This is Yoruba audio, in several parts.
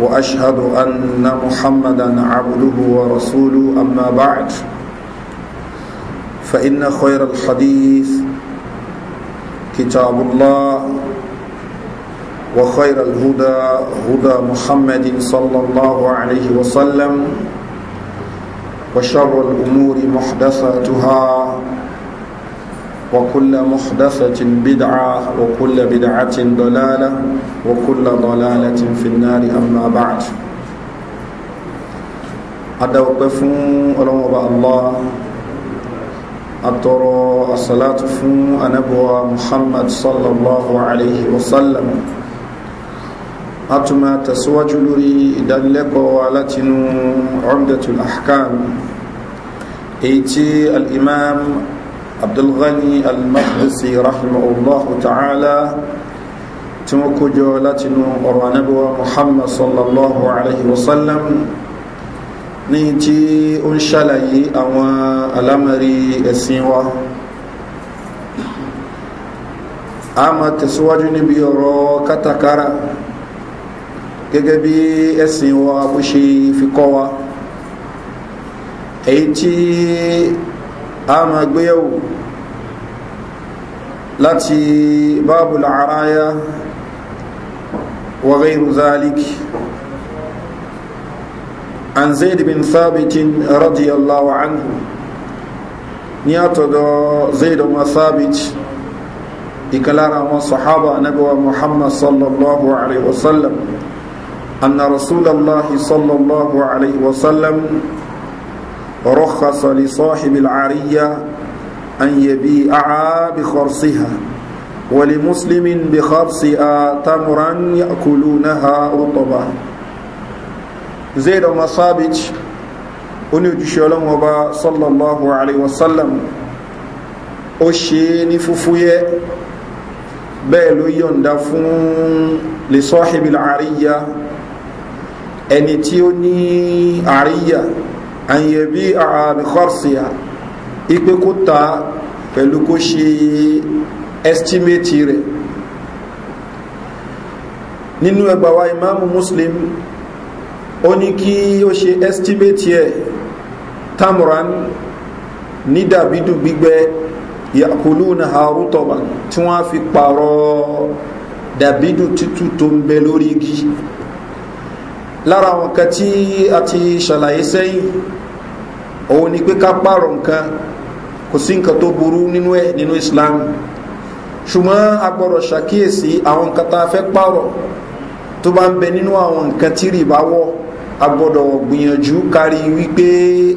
واشهد ان محمدا عبده ورسوله اما بعد فان خير الحديث كتاب الله وخير الهدى هدى محمد صلى الله عليه وسلم وشر الامور محدثاتها وكل محدثة بدعة وكل بدعة ضلالة وكل ضلالة في النار أما بعد أدوقفون ألوم الله أترى الصلاة فون أنبوى محمد صلى الله عليه وسلم أتما تسوى جلوري دلك ولتن عمدة الأحكام إيتي الإمام abdulghani al-maqdisi rahimahullahu ta'ala tí wọ́n kójọ látinú ọ̀rọ̀ anábíwá muhammad sallallahu alayhi wa sallam ní tí ó ń ṣàlàyé àwọn alámàrí ẹ̀sìn wa a máa tẹ̀síwájú níbi ọ̀rọ̀ kátàkárà gẹ́gẹ́ bí ẹ̀sìn wa bó ṣe fi kọ́ wa èyí tí a máa gbéyẹ̀wò láti babul araya wa ghayru zalik an zaid bin thabit radiyallahu anhu ní àtọ̀dọ̀ zaid bin thabit ìkàlára àwọn sahaba anabiwa muhammad sallallahu alaihi wasallam anna rasulallah sallallahu alaihi wasallam ورخص لصاحب العارية أن يبيعها بخرصها ولمسلم بخرصها تمرا يأكلونها رطبا زيد بن ثابت oni òjíṣẹ́ ọlọ́run ọba sallallahu alaihi wasallam ó ṣe ní fúfúyẹ́ bẹ́ẹ̀ ló yọ̀nda fún lè sọ́hìbìl àríyá ẹni tí ó ní àríyá àyẹ̀bí àbíkọ́síà ipe kó ta pẹ̀lú kó ṣe estimate rẹ̀ nínú ẹgbà wa imáàmù muslim ó ní kí ó ṣe estimate ẹ̀ tamran ní dàbídù gbígbẹ ìyàkùlù náà harutọba tí wọ́n fi pààrọ̀ dàbídù tútù tó ń bẹ lórí igi lára àwọn kan tí a ti òun ni pé ká pààrọ̀ nǹkan kò sí nǹkan tó burú nínú ẹ̀ nínú islam ṣùgbọ́n a gbọ́dọ̀ ṣàkíyèsí àwọn nǹkan tá a fẹ́ pààrọ̀ tó bá ń bẹ nínú àwọn nǹkan tí rìbá wọ̀ a gbọ́dọ̀ gbìyànjú kárí wípé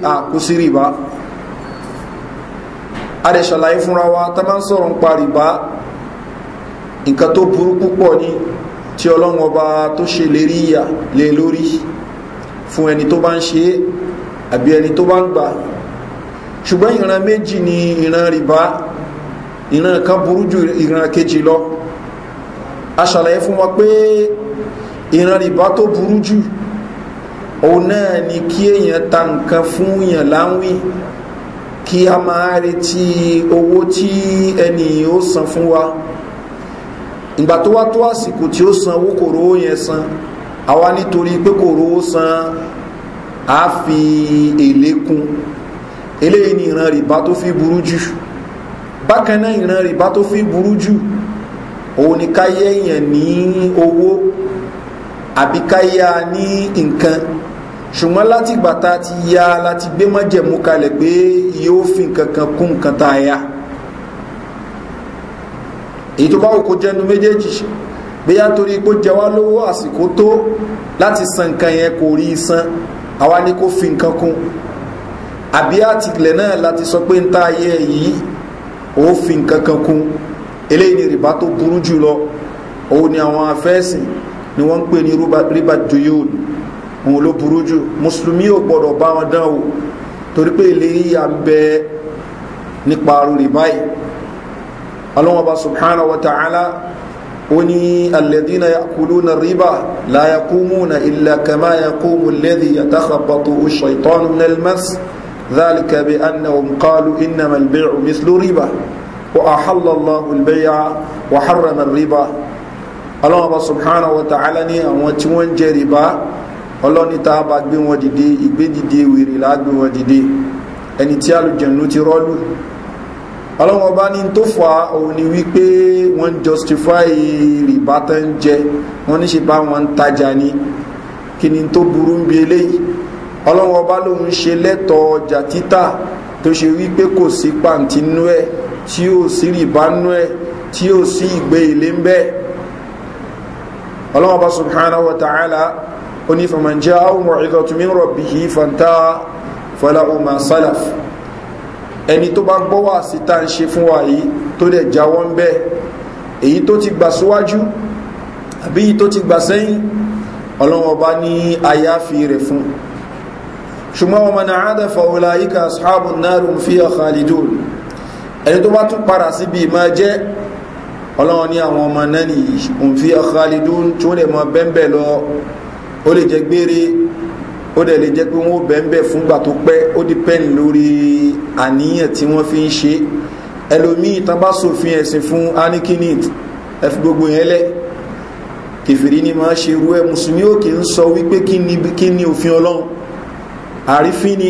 a kú sí rìbá a lè ṣàlàyé fúnra wa tá máa ń sọ̀rọ̀ ń pa rìbá nǹkan tó burú púpọ̀ ni tí ọlọ́run ọba tó ṣe lérí ìyà lé lórí fún ẹni tó bá ń ṣe é àbí ẹni tó bá ń gbà ṣùgbọ́n ìran méjì ni ìran rìbá ìran kan burú ju ìran kejì lọ a ṣàlàyé fún wọn pé ìran rìbá tó burú jù òun náà ni kí èèyàn ta nǹkan fún èèyàn láwìn kí a máa retí owó tí ẹni ó san fún wa ìgbà tó wá tó àsìkò tí ó san owó kò yẹn san àwa nítorí pé kò rówó san a fi èlé kún eléyìí ni ìran rìbá tó fi burú jù bákan náà ìran rìbá tó fi burú jù òun ni ká yẹ èèyàn ní owó àbí ká ní nǹkan ṣùgbọ́n láti ìgbà ti ya láti gbé májẹ̀mú kalẹ̀ pé yóò fi nǹkan kan kún nǹkan tá a ya èyí tó bá wò kó jẹnu méjèèjì bóyá torí pé ó jẹ wá lówó àsìkò tó láti san nǹkan yẹn kò rí san àwa ni kò fi nǹkan kún àbí àtìlẹ̀ náà láti sọ pé ń ta ayé yìí ó fi nǹkan kan kún eléyìí ni rìbá tó burú jù lọ òun ni àwọn afẹ́sìn ni wọ́n ń pè ní rìbá joyol òun ló burú jù mùsùlùmí ò gbọ́dọ̀ bá wọn dán o torí pé ìlérí à ń bẹ nípa rìbá yìí ọlọ́wọ́n bá subhanahu wa ta'ala وني الذين يأكلون الربا لا يقومون إلا كما يقوم الذي يتخبطه الشيطان من المس ذلك بأنهم قالوا إنما البيع مثل ربا وأحل الله البيع وحرم الربا الله سبحانه وتعالى ني àwọn tí wọ́n jẹ rìbá ọlọ́ni tá a bá gbé wọn dìde ìgbé dìde wèrè lágbé wọn dìde ẹni tí alùjẹ̀nu ti rọ́lù ọlọ́wọ́n ọba ní tó fà òun ni wípé wọ́n justify rìbá tó ń jẹ wọ́n ní ṣe bá wọn ń tajà ni kí ni tó burú ń bi eléyìí ọlọ́wọ́n ọba lòun ṣe lẹ́tọ̀ọ́ ọjà títà tó ṣe wípé kò sí pàǹtí ẹ̀ tí ó sí rìbá nú ẹ̀ tí ó sí ìgbé ilé ń bẹ́ẹ̀ ọlọ́wọ́n ọba subhanahu wa ta'ala onífàmàjá àwọn ọmọ ìdọ̀tún mi rọ̀ bìí fanta fọlá ọmọ sálàfù ẹni tó bá gbọ́ wá sí tá à ń ṣe fún wa yìí tó dẹ̀ jáwọ́ ń bẹ́ èyí tó ti gbà síwájú àbí èyí tó ti gbà sẹ́yìn ọlọ́wọ́n bá ní àyàfi rẹ̀ fún ṣùgbọ́n wọn mọ̀nà àádọ́ fàwọlá yíká asáàbù náà fi ọ̀kan àlìdùn ẹni tó bá tún padà síbi ìmọ̀ jẹ́ ọlọ́wọ́n ní àwọn ọmọ náà ní òun fi ọ̀kan àlìdùn tó lè mọ bẹ́ńbẹ́ lọ ó lè jẹ́ gbére ó dẹ̀ lè jẹ́ pé wọ́n bẹ̀ẹ́ fúngbà tó pẹ́ ó dìpẹ́ǹ lórí àníyàn tí wọ́n fi ń ṣe ẹlòmíì tán bá sòfin ẹ̀sìn fún anikinit ẹ fi gbogbo yẹn lẹ̀ kẹfìrí ni máa ṣe irú ẹ mùsùlùmí òkè ń sọ wípé kí ni òfin ọlọ́run àrífín ni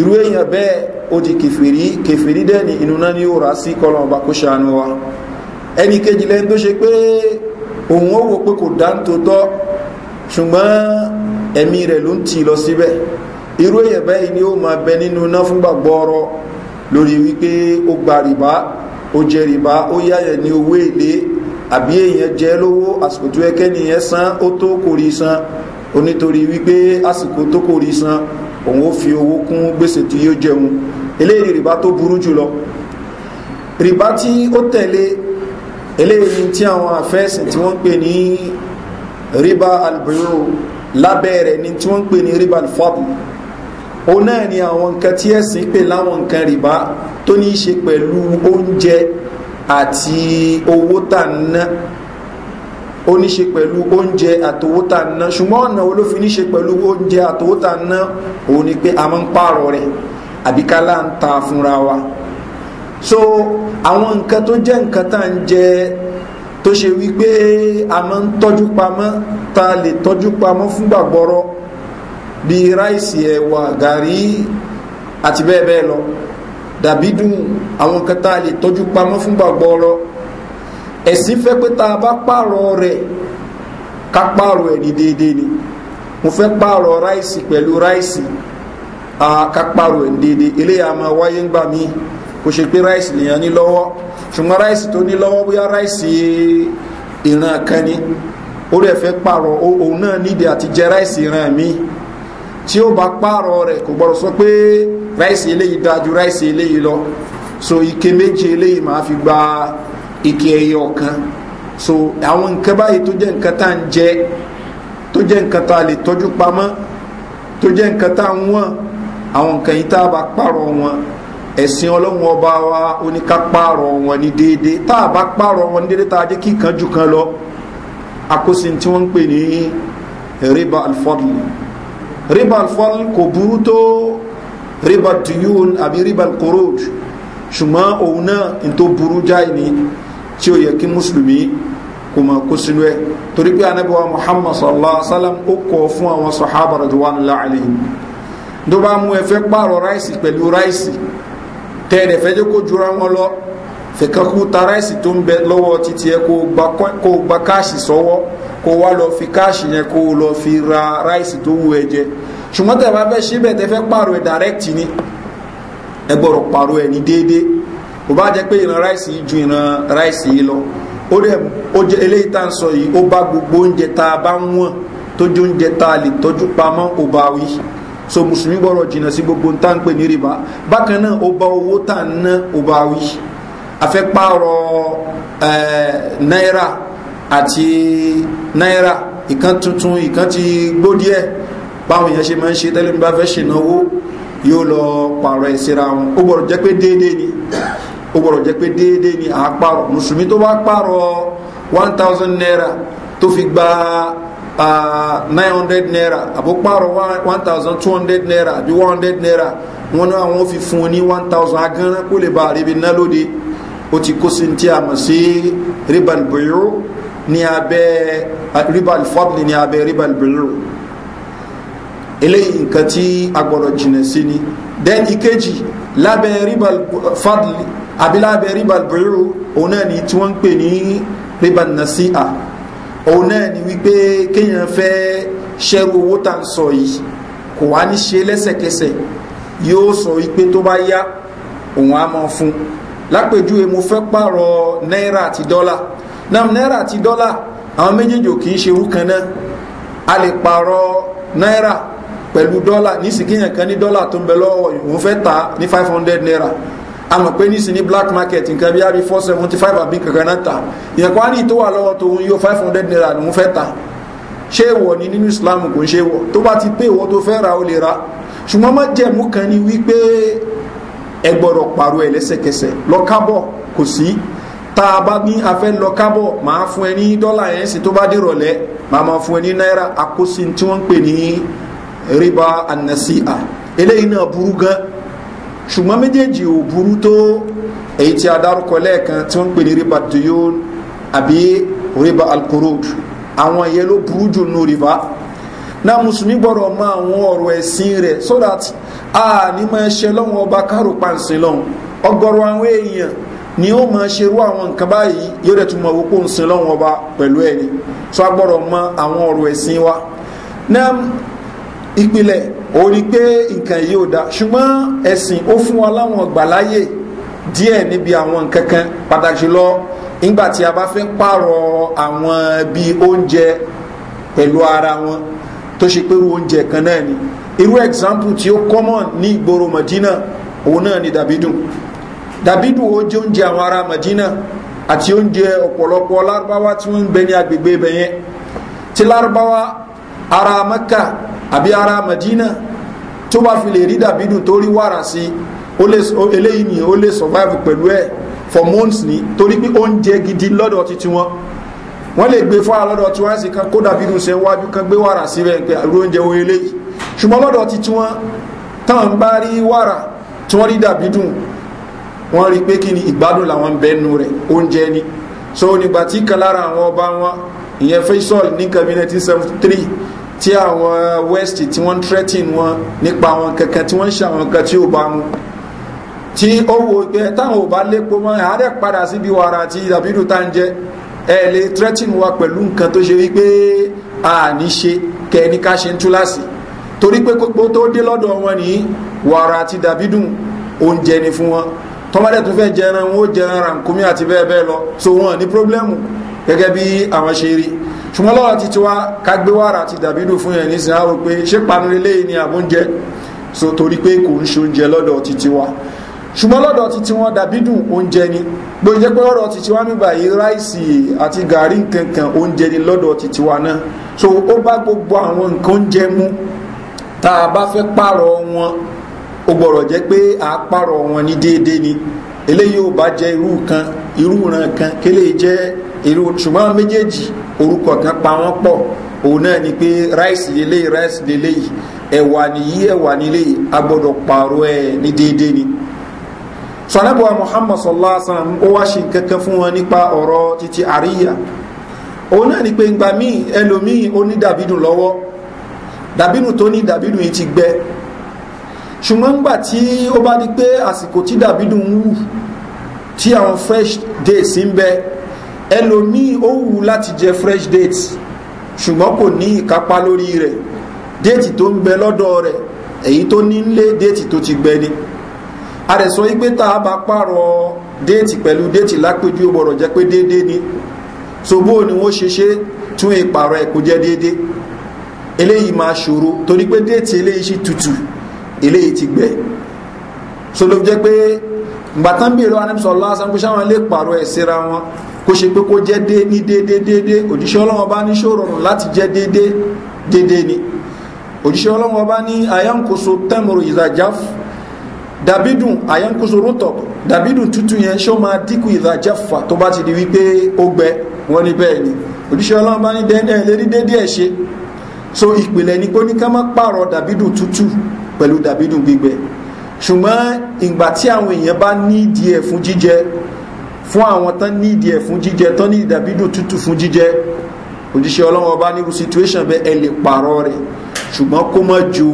irú èèyàn bẹ́ẹ̀ ó di kẹfìrí kẹfìrí dẹ̀ ni inú náà ni ó rà sí kọlọ̀ ọba kó ṣàánú wa ẹnì kejì lẹ́ni tó ṣe pé òun ó wò pé kò dá ṣùgbọ́n ẹ̀mí rẹ̀ ló ń tì lọ síbẹ̀ irú èyàn báyìí ni ó máa bẹ nínú iná fúngbà gbọ́ọ̀rọ̀ lórí wípé ó gba rìbá ó jẹ rìbá ó yáyẹ̀ ní owó èlé àbí èyàn jẹ lówó àsìkò tó ẹkẹ́ nìyẹn san ó tó kórìí san onítorí wípé àsìkò tó kórìí san òun ó fi owó kún gbèsè tí yóò jẹun eléyìí rìbá tó burú jùlọ rìbá tí ó tẹ̀lé eléyìí tí àwọn àfẹ́sìn tí wọ́n ń pè ní rìbá albiro lábẹ́ rẹ̀ ni tí wọ́n ń pè ní riba al-fadl náà ni àwọn nǹkan tí ẹ̀sìn pè láwọn nǹkan rìbá tó ní í ṣe pẹ̀lú oúnjẹ àti owó tà ń ná ó ní ṣe pẹ̀lú oúnjẹ àtòwó tà ń ná ṣùgbọ́n ọ̀nà wo ló fi ní ṣe pẹ̀lú oúnjẹ àtòwó tà ń ná òun ni pé a máa ń pààrọ̀ rẹ̀ àbí ká là ń fúnra wa so àwọn nǹkan tó jẹ́ nǹkan tá à ń jẹ tó ṣe wípé a máa ń tọ́jú pamọ́ ta lè tọ́jú pamọ́ fúngbà gbọ́rọ́ bí ráìsì ẹ̀wà gàrí àti bẹ́ẹ̀ bẹ́ẹ̀ lọ dàbí dùn àwọn kan tá a lè tọ́jú pamọ́ fúngbà gbọ́rọ́ ẹ̀sìn fẹ́ pé tá a bá pààrọ̀ rẹ̀ ká pààrọ̀ ẹ̀ ní déédéé ni mo fẹ́ pààrọ̀ ráìsì pẹ̀lú ráìsì ká pààrọ̀ ẹ̀ ní déédéé eléyà máa wáyé ńgbà míì kò ṣe pé ráìsì lèèyàn ní lọ́wọ́ ṣùgbọ́n ráìsì tó ní lọ́wọ́ bóyá ráìsì ìran kan ni ó rẹ̀ fẹ́ pààrọ̀ òun náà níbi àti jẹ ráìsì ìran mi tí ó bá pààrọ̀ rẹ̀ kò gbọ́dọ̀ sọ pé ráìsì eléyìí dáa ju ráìsì eléyìí lọ so ike méje eléyìí máa fi gba ike ẹyọ kan so àwọn nǹkan báyìí tó jẹ́ nǹkan tá à ń jẹ tó jẹ́ nǹkan tá a lè tọ́jú pamọ́ tó jẹ́ nǹkan tá à ń wọ̀n àwọn nǹkan yìí tá a bá pààrọ̀ wọn ẹ̀sìn ọlọ́run ọba wa oníká pààrọ̀ wọn ní déédé tá a bá pààrọ̀ wọn ní déédé tá a jẹ́ kí kan jù kan lọ akósin tí wọ́n ń pè ní riba alfadl riba alfadl kò burú tó riba duyun àbí riba alkorod ṣùgbọ́n òun náà n tó burú jáì ní tí ó yẹ kí mùsùlùmí kò mọ̀ kó sínú ẹ̀ torí pé anábíwá muhammad sallallahu alaihi wa sallam ó kọ̀ fún àwọn sọ̀hábà rẹ̀ tó wà nílá àlẹ́yìn tó bá mú ẹ fẹ́ pààrọ̀ ráìsì pẹ̀lú ráìsì tẹ́ẹ̀dẹ̀ fẹ́ jẹ́ kó lọ tara ẹ̀sìn tó ń bẹ lọ́wọ́ títí ẹ kó gba káàṣì sọ́wọ́ kó wá lọ fi káàṣì yẹn kó lọ fi ra ráìsì tó wù ẹ jẹ ṣùgbọ́n tẹ̀ bá fẹ́ pààrọ̀ ni ẹ gbọ́dọ̀ pààrọ̀ ẹ̀ ní déédéé ju ìran lọ ó dẹ̀ ó jẹ́ eléyìí sọ yìí ó bá gbogbo oúnjẹ tá a bá ń wọ̀n oúnjẹ tá so musulmi gbọ́rọ̀ jìnà sí gbogbo ń tán pè ní rìbá bákan náà ó bá owó tà ń ná ó bá wí afẹ́pàrọ̀ náírà àti náírà ìkan tuntun ìkan ti gbó díẹ̀ báwọn èèyàn ṣe máa ń ṣe tẹ́lẹ̀ bí bá fẹ́ ṣènáwó yóò lọ pààrọ̀ ẹ̀ síra wọn ó gbọ́dọ̀ jẹ́ pé déédéé ni ó gbọ́dọ̀ jẹ́ pé déédéé ni àpárọ̀ mùsùlùmí tó bá pààrọ̀ one thousand naira tó fi gba uh, 900 naira àbó pààrọ̀ 1200 naira àbí 100 naira wọn náà wọn fi fún un ní 1000 agánná kó lè ba àríbi ná lóde ó ti kó sí ti àmọ̀ sí ribal bẹ̀rù ní abẹ́ ribal fadli ní abẹ́ ribal bẹ̀rù eléyìí nǹkan tí a gbọ́dọ̀ jìnà sí ni then ìkejì lábẹ́ ribal fadli àbí lábẹ́ ribal bẹ̀rù òun náà ni tí wọ́n ń pè ní ribal nasi'a òun náà ni wípé kéèyàn fẹ́ ṣẹ́rú owó tá à ń sọ yìí kò wá ní ṣe lẹ́sẹ̀kẹsẹ̀ yóò sọ wípé tó bá yá òun á mọ fún lápèjúwe mo fẹ́ pààrọ̀ náírà àti dọ́là nam náírà àti dọ́là àwọn méjèèjì ò kì í ṣerú kan náà a lè pààrọ̀ náírà pẹ̀lú dọ́là nísìkíyàn kan ní dọ́là tó ń bẹ lọ́wọ́ òun fẹ́ ta ní five hundred naira àmọ̀ pé ní sinmi black market nǹkan bí i four seventy five àbí kankan náà ta ìyẹn kó a ní ìtọ́wà lọ́wọ́ tó ń yọ five hundred naira ló ń fẹ́ ta ṣé ìwọ ni nínú islam kò ń ṣe wọ tó bá ti pé ìwọ tó fẹ́ ra o lè ra ṣùgbọ́n má jẹ̀mú kan ni wípé ẹ gbọ́dọ̀ pàrọ̀ ẹ̀ lẹ́sẹ̀kẹsẹ̀ lọ́kábọ̀ kò sí tá a bá ní afẹ́ lọ́kábọ̀ máa fún ẹ ní dọ́là yẹn sì tó bá dé rọ̀lẹ́ máa máa fún ẹ ní náírà àkóso tí wọ́n ń pè ní riba anasi'a eléyìí náà burú gan-an ṣùgbọ́n méjèèjì ò burú tó èyí tí a dárúkọ lẹ́ẹ̀kan tí wọ́n ń pè ní riba duyon àbí riba alqurud àwọn ìyẹn ló burú jù nù riba náà mùsùlùmí gbọ́dọ̀ mọ àwọn ọ̀rọ̀ ẹ̀sìn rẹ̀ so that a ní máa ṣe lọ́wọ́n ọba kárò pàǹsìn lọ́hùn ọgọ́rọ̀ àwọn èèyàn ni ó máa ṣerú àwọn nǹkan báyìí yóò dẹ̀ tún mọ owó kó ń sin lọ́wọ́n ọba pẹ̀lú ẹni so a gbọ́dọ̀ mọ àwọn ọ̀rọ̀ ẹ̀sìn wa náà ìpìlẹ̀ ó rí pé nǹkan yìí ò da ṣùgbọ́n ẹ̀sìn ó fún wa láwọn gbàláyè díẹ̀ níbi àwọn nǹkan kan pàtàkì jùlọ nígbà tí a bá fẹ́ pààrọ̀ àwọn bíi oúnjẹ pẹ̀lú ara wọn tó ṣe pé oúnjẹ kan náà ni irú example tí ó common ní ìgboro Madina òun náà ni dàbídùn dàbídùn ó jẹ oúnjẹ àwọn ará Madina àti oúnjẹ ọ̀pọ̀lọpọ̀ lárúbáwá tí wọ́n ń bẹ ní agbègbè ibẹ̀ yẹn ti lárúbáwá ará Mẹ́kà àbí ara Madina tó bá fi lè rí dàbídùn tó rí wàrà sí eléyìí ni ó lè survive pẹ̀lú ẹ̀ for months ni torí pé oúnjẹ gidi lọ́dọ̀ ti ti wọn wọ́n lè gbé fáwọn lọ́dọ̀ tí wọ́n sì kan kó dàbídùn sí iwájú kan gbé wàrà sí rẹ̀ pé àrú oúnjẹ wo eléyìí ṣùgbọ́n lọ́dọ̀ ti ti wọn táwọn bá rí wàrà tí wọ́n rí dàbídùn wọ́n rí pé kí ni ìgbádùn làwọn bẹnu rẹ̀ oúnjẹ ni so nígbà tí kan lára àwọn ọba wọn ìyẹn Faisal ní nǹkan 1973 tí àwọn west tí wọ́n threaten wọn nípa àwọn kankan tí wọ́n ń ṣe nǹkan tí ò bá mu tí ó wo pé táwọn ò bá lépo mọ́ àárẹ̀ padà síbi wàrà àti dàbídù tá ń jẹ ẹ lè threaten wa pẹ̀lú nǹkan tó ṣe wípé a ní ṣe kẹ́ni ká ṣe ń túláàsì torí pé kókó tó dé lọ́dọ̀ wọn ní wàrà àti dàbídù oúnjẹ ni fún wọn tọ́mọdé tó fẹ́ jẹran wọn ó jẹran rànkúmí àti bẹ́ẹ̀ bẹ́ẹ̀ lọ so wọn ní pírọ́blẹ́mù gẹ́gẹ́ bí àwọn ṣe rí ṣùgbọ́n lọ́rọ̀ ti tiwa ká gbé wàrà àti dàbídù fún yẹn nísìn á rò pé ṣé panu lélẹ́ ni àbóúnjẹ so torí pé kò ń ṣe oúnjẹ lọ́dọ̀ ti tiwa ṣùgbọ́n lọ́dọ̀ ti tiwọn dàbídù oúnjẹ ni gbogbo jẹ́ pé ọ̀rọ̀ ti tiwa nígbà yìí ráìsì àti gàrí nkankan oúnjẹ ni lọ́dọ̀ ti tiwa náà so ó bá gbogbo àwọn nǹkan oúnjẹ mú tá a bá fẹ́ pààrọ̀ wọn ó gbọ́dọ̀ jẹ́ pé a pààrọ̀ wọn ní déédéé ni eléyìí ò bá jẹ́ irú kan irú ran kan kéléyìí jẹ́ ìlú ṣùgbọ́n méjèèjì orúkọ kan pa wọ́n pọ̀ òun náà ni pé ráìsì lélẹ́yìí ráìsì lélẹ́yìí ẹ̀wà nìyí ẹ̀wà nílẹ́yìí a gbọ́dọ̀ pààrọ̀ ẹ̀ ní déédéé ni sọ̀nàbọ̀wá muhammad sọ̀lá sàn ó wá ṣe kankan fún wọn nípa ọ̀rọ̀ títí àríyá òun náà ni pé ngbà míì ẹlòmíì ó ní dàbídùn lọ́wọ́ dàbídùn tó ní dàbídùn yìí ti gbẹ ṣùgbọ́n ngbà tí ó bá di pé àsìkò tí dàbídùn ń wù tí àwọn fresh days ń bẹ́ẹ̀ ẹlòmíì ó wù láti jẹ fresh date ṣùgbọ́n kò ní ìkápá lórí rẹ̀ déètì tó ń gbẹ lọ́dọ̀ rẹ̀ èyí tó ní ń lé déètì tó ti gbẹ ni a rẹ̀ sọ wípé tá a bá pààrọ̀ déètì pẹ̀lú déètì lápéjú ó jẹ́ pé déédéé ni ṣòbó ni wọ́n ṣe ṣe tún ìpààrọ̀ ẹ̀kọ́ jẹ́ déédéé eléyìí máa ṣòro torí pé déètì eléyìí ṣì tutù eléyìí ti gbẹ so ló jẹ́ pé gbàtán bí èrò anamsọ̀ lásán kó sáwọn lè pààrọ̀ ẹ̀ síra wọn kó ṣe pé kó jẹ́ dé ní déédéé déédéé òjíṣẹ́ ọlọ́wọ́n bá ní ṣòrọ̀rùn láti jẹ́ déédéé déédéé ni òjíṣẹ́ ọlọ́wọ́n bá ní àyànkoso tẹ́mùrù ìdàjáf dàbídùn àyànkoso rótọ̀ dàbídùn tútù yẹn ṣó máa dínkù ìdàjáfà tó bá ti di wípé ó gbẹ wọn ní bẹ́ẹ̀ ni òjíṣẹ́ ọlọ́wọ́n bá ní dẹ́ẹ́dẹ́ lérí déédéé ṣe so ìpìlẹ̀ ni pé ní ká má pààrọ̀ dàbídùn tútù pẹ̀lú dàbídùn gbígbẹ ṣùgbọ́n ìgbà tí àwọn èèyàn bá ní ẹ̀ fún jíjẹ fún àwọn tán ní ìdí ẹ̀ fún jíjẹ tán ní ìdàbídùn tútù fún jíjẹ òjíṣẹ́ ọlọ́wọ́ ọba nírú situation bẹ́ ẹ lè pààrọ̀ rẹ̀ ṣùgbọ́n kó mọ́ ju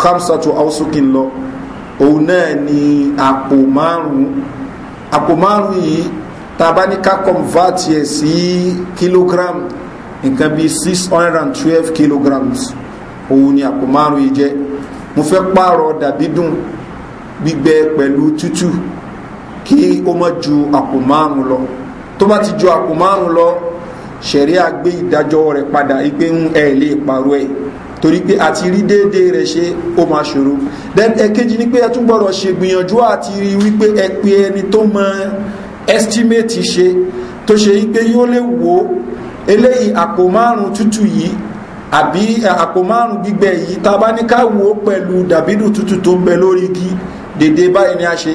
hamsatu ausukin lọ òun náà ni àpò márùn-ún àpò márùn-ún yìí tá bá ní ká convert ẹ̀ sí kilogram nǹkan bíi six hundred and twelve kilograms òun ni àpò márùn-ún yìí jẹ́ mo fẹ́ pààrọ̀ dàbídùn gbígbẹ pẹ̀lú tútù kí ó má ju àpò márùn lọ tó bá ti ju àpò márùn lọ ṣẹ̀ríà gbé ìdájọ́ rẹ̀ padà ipe ń ẹ̀ lè pàrọ̀ ẹ̀ torí pé àti rí déédéé rẹ̀ ṣe ó máa ṣòro then ẹ̀kejì ni pé ẹ tún gbọ́dọ̀ ṣe gbìyànjú àti rí wípé ẹ pe ẹni tó mọ estimate ṣe tó ṣe wípé yóò lè wò ó eléyìí àpò márùn tútù yìí àbí àpò márùn gbígbẹ yìí tá a bá ní ká wò ó pẹ̀lú dàbídù tútù tó ń bẹ lórí igi dèdè báyìí ni a ṣe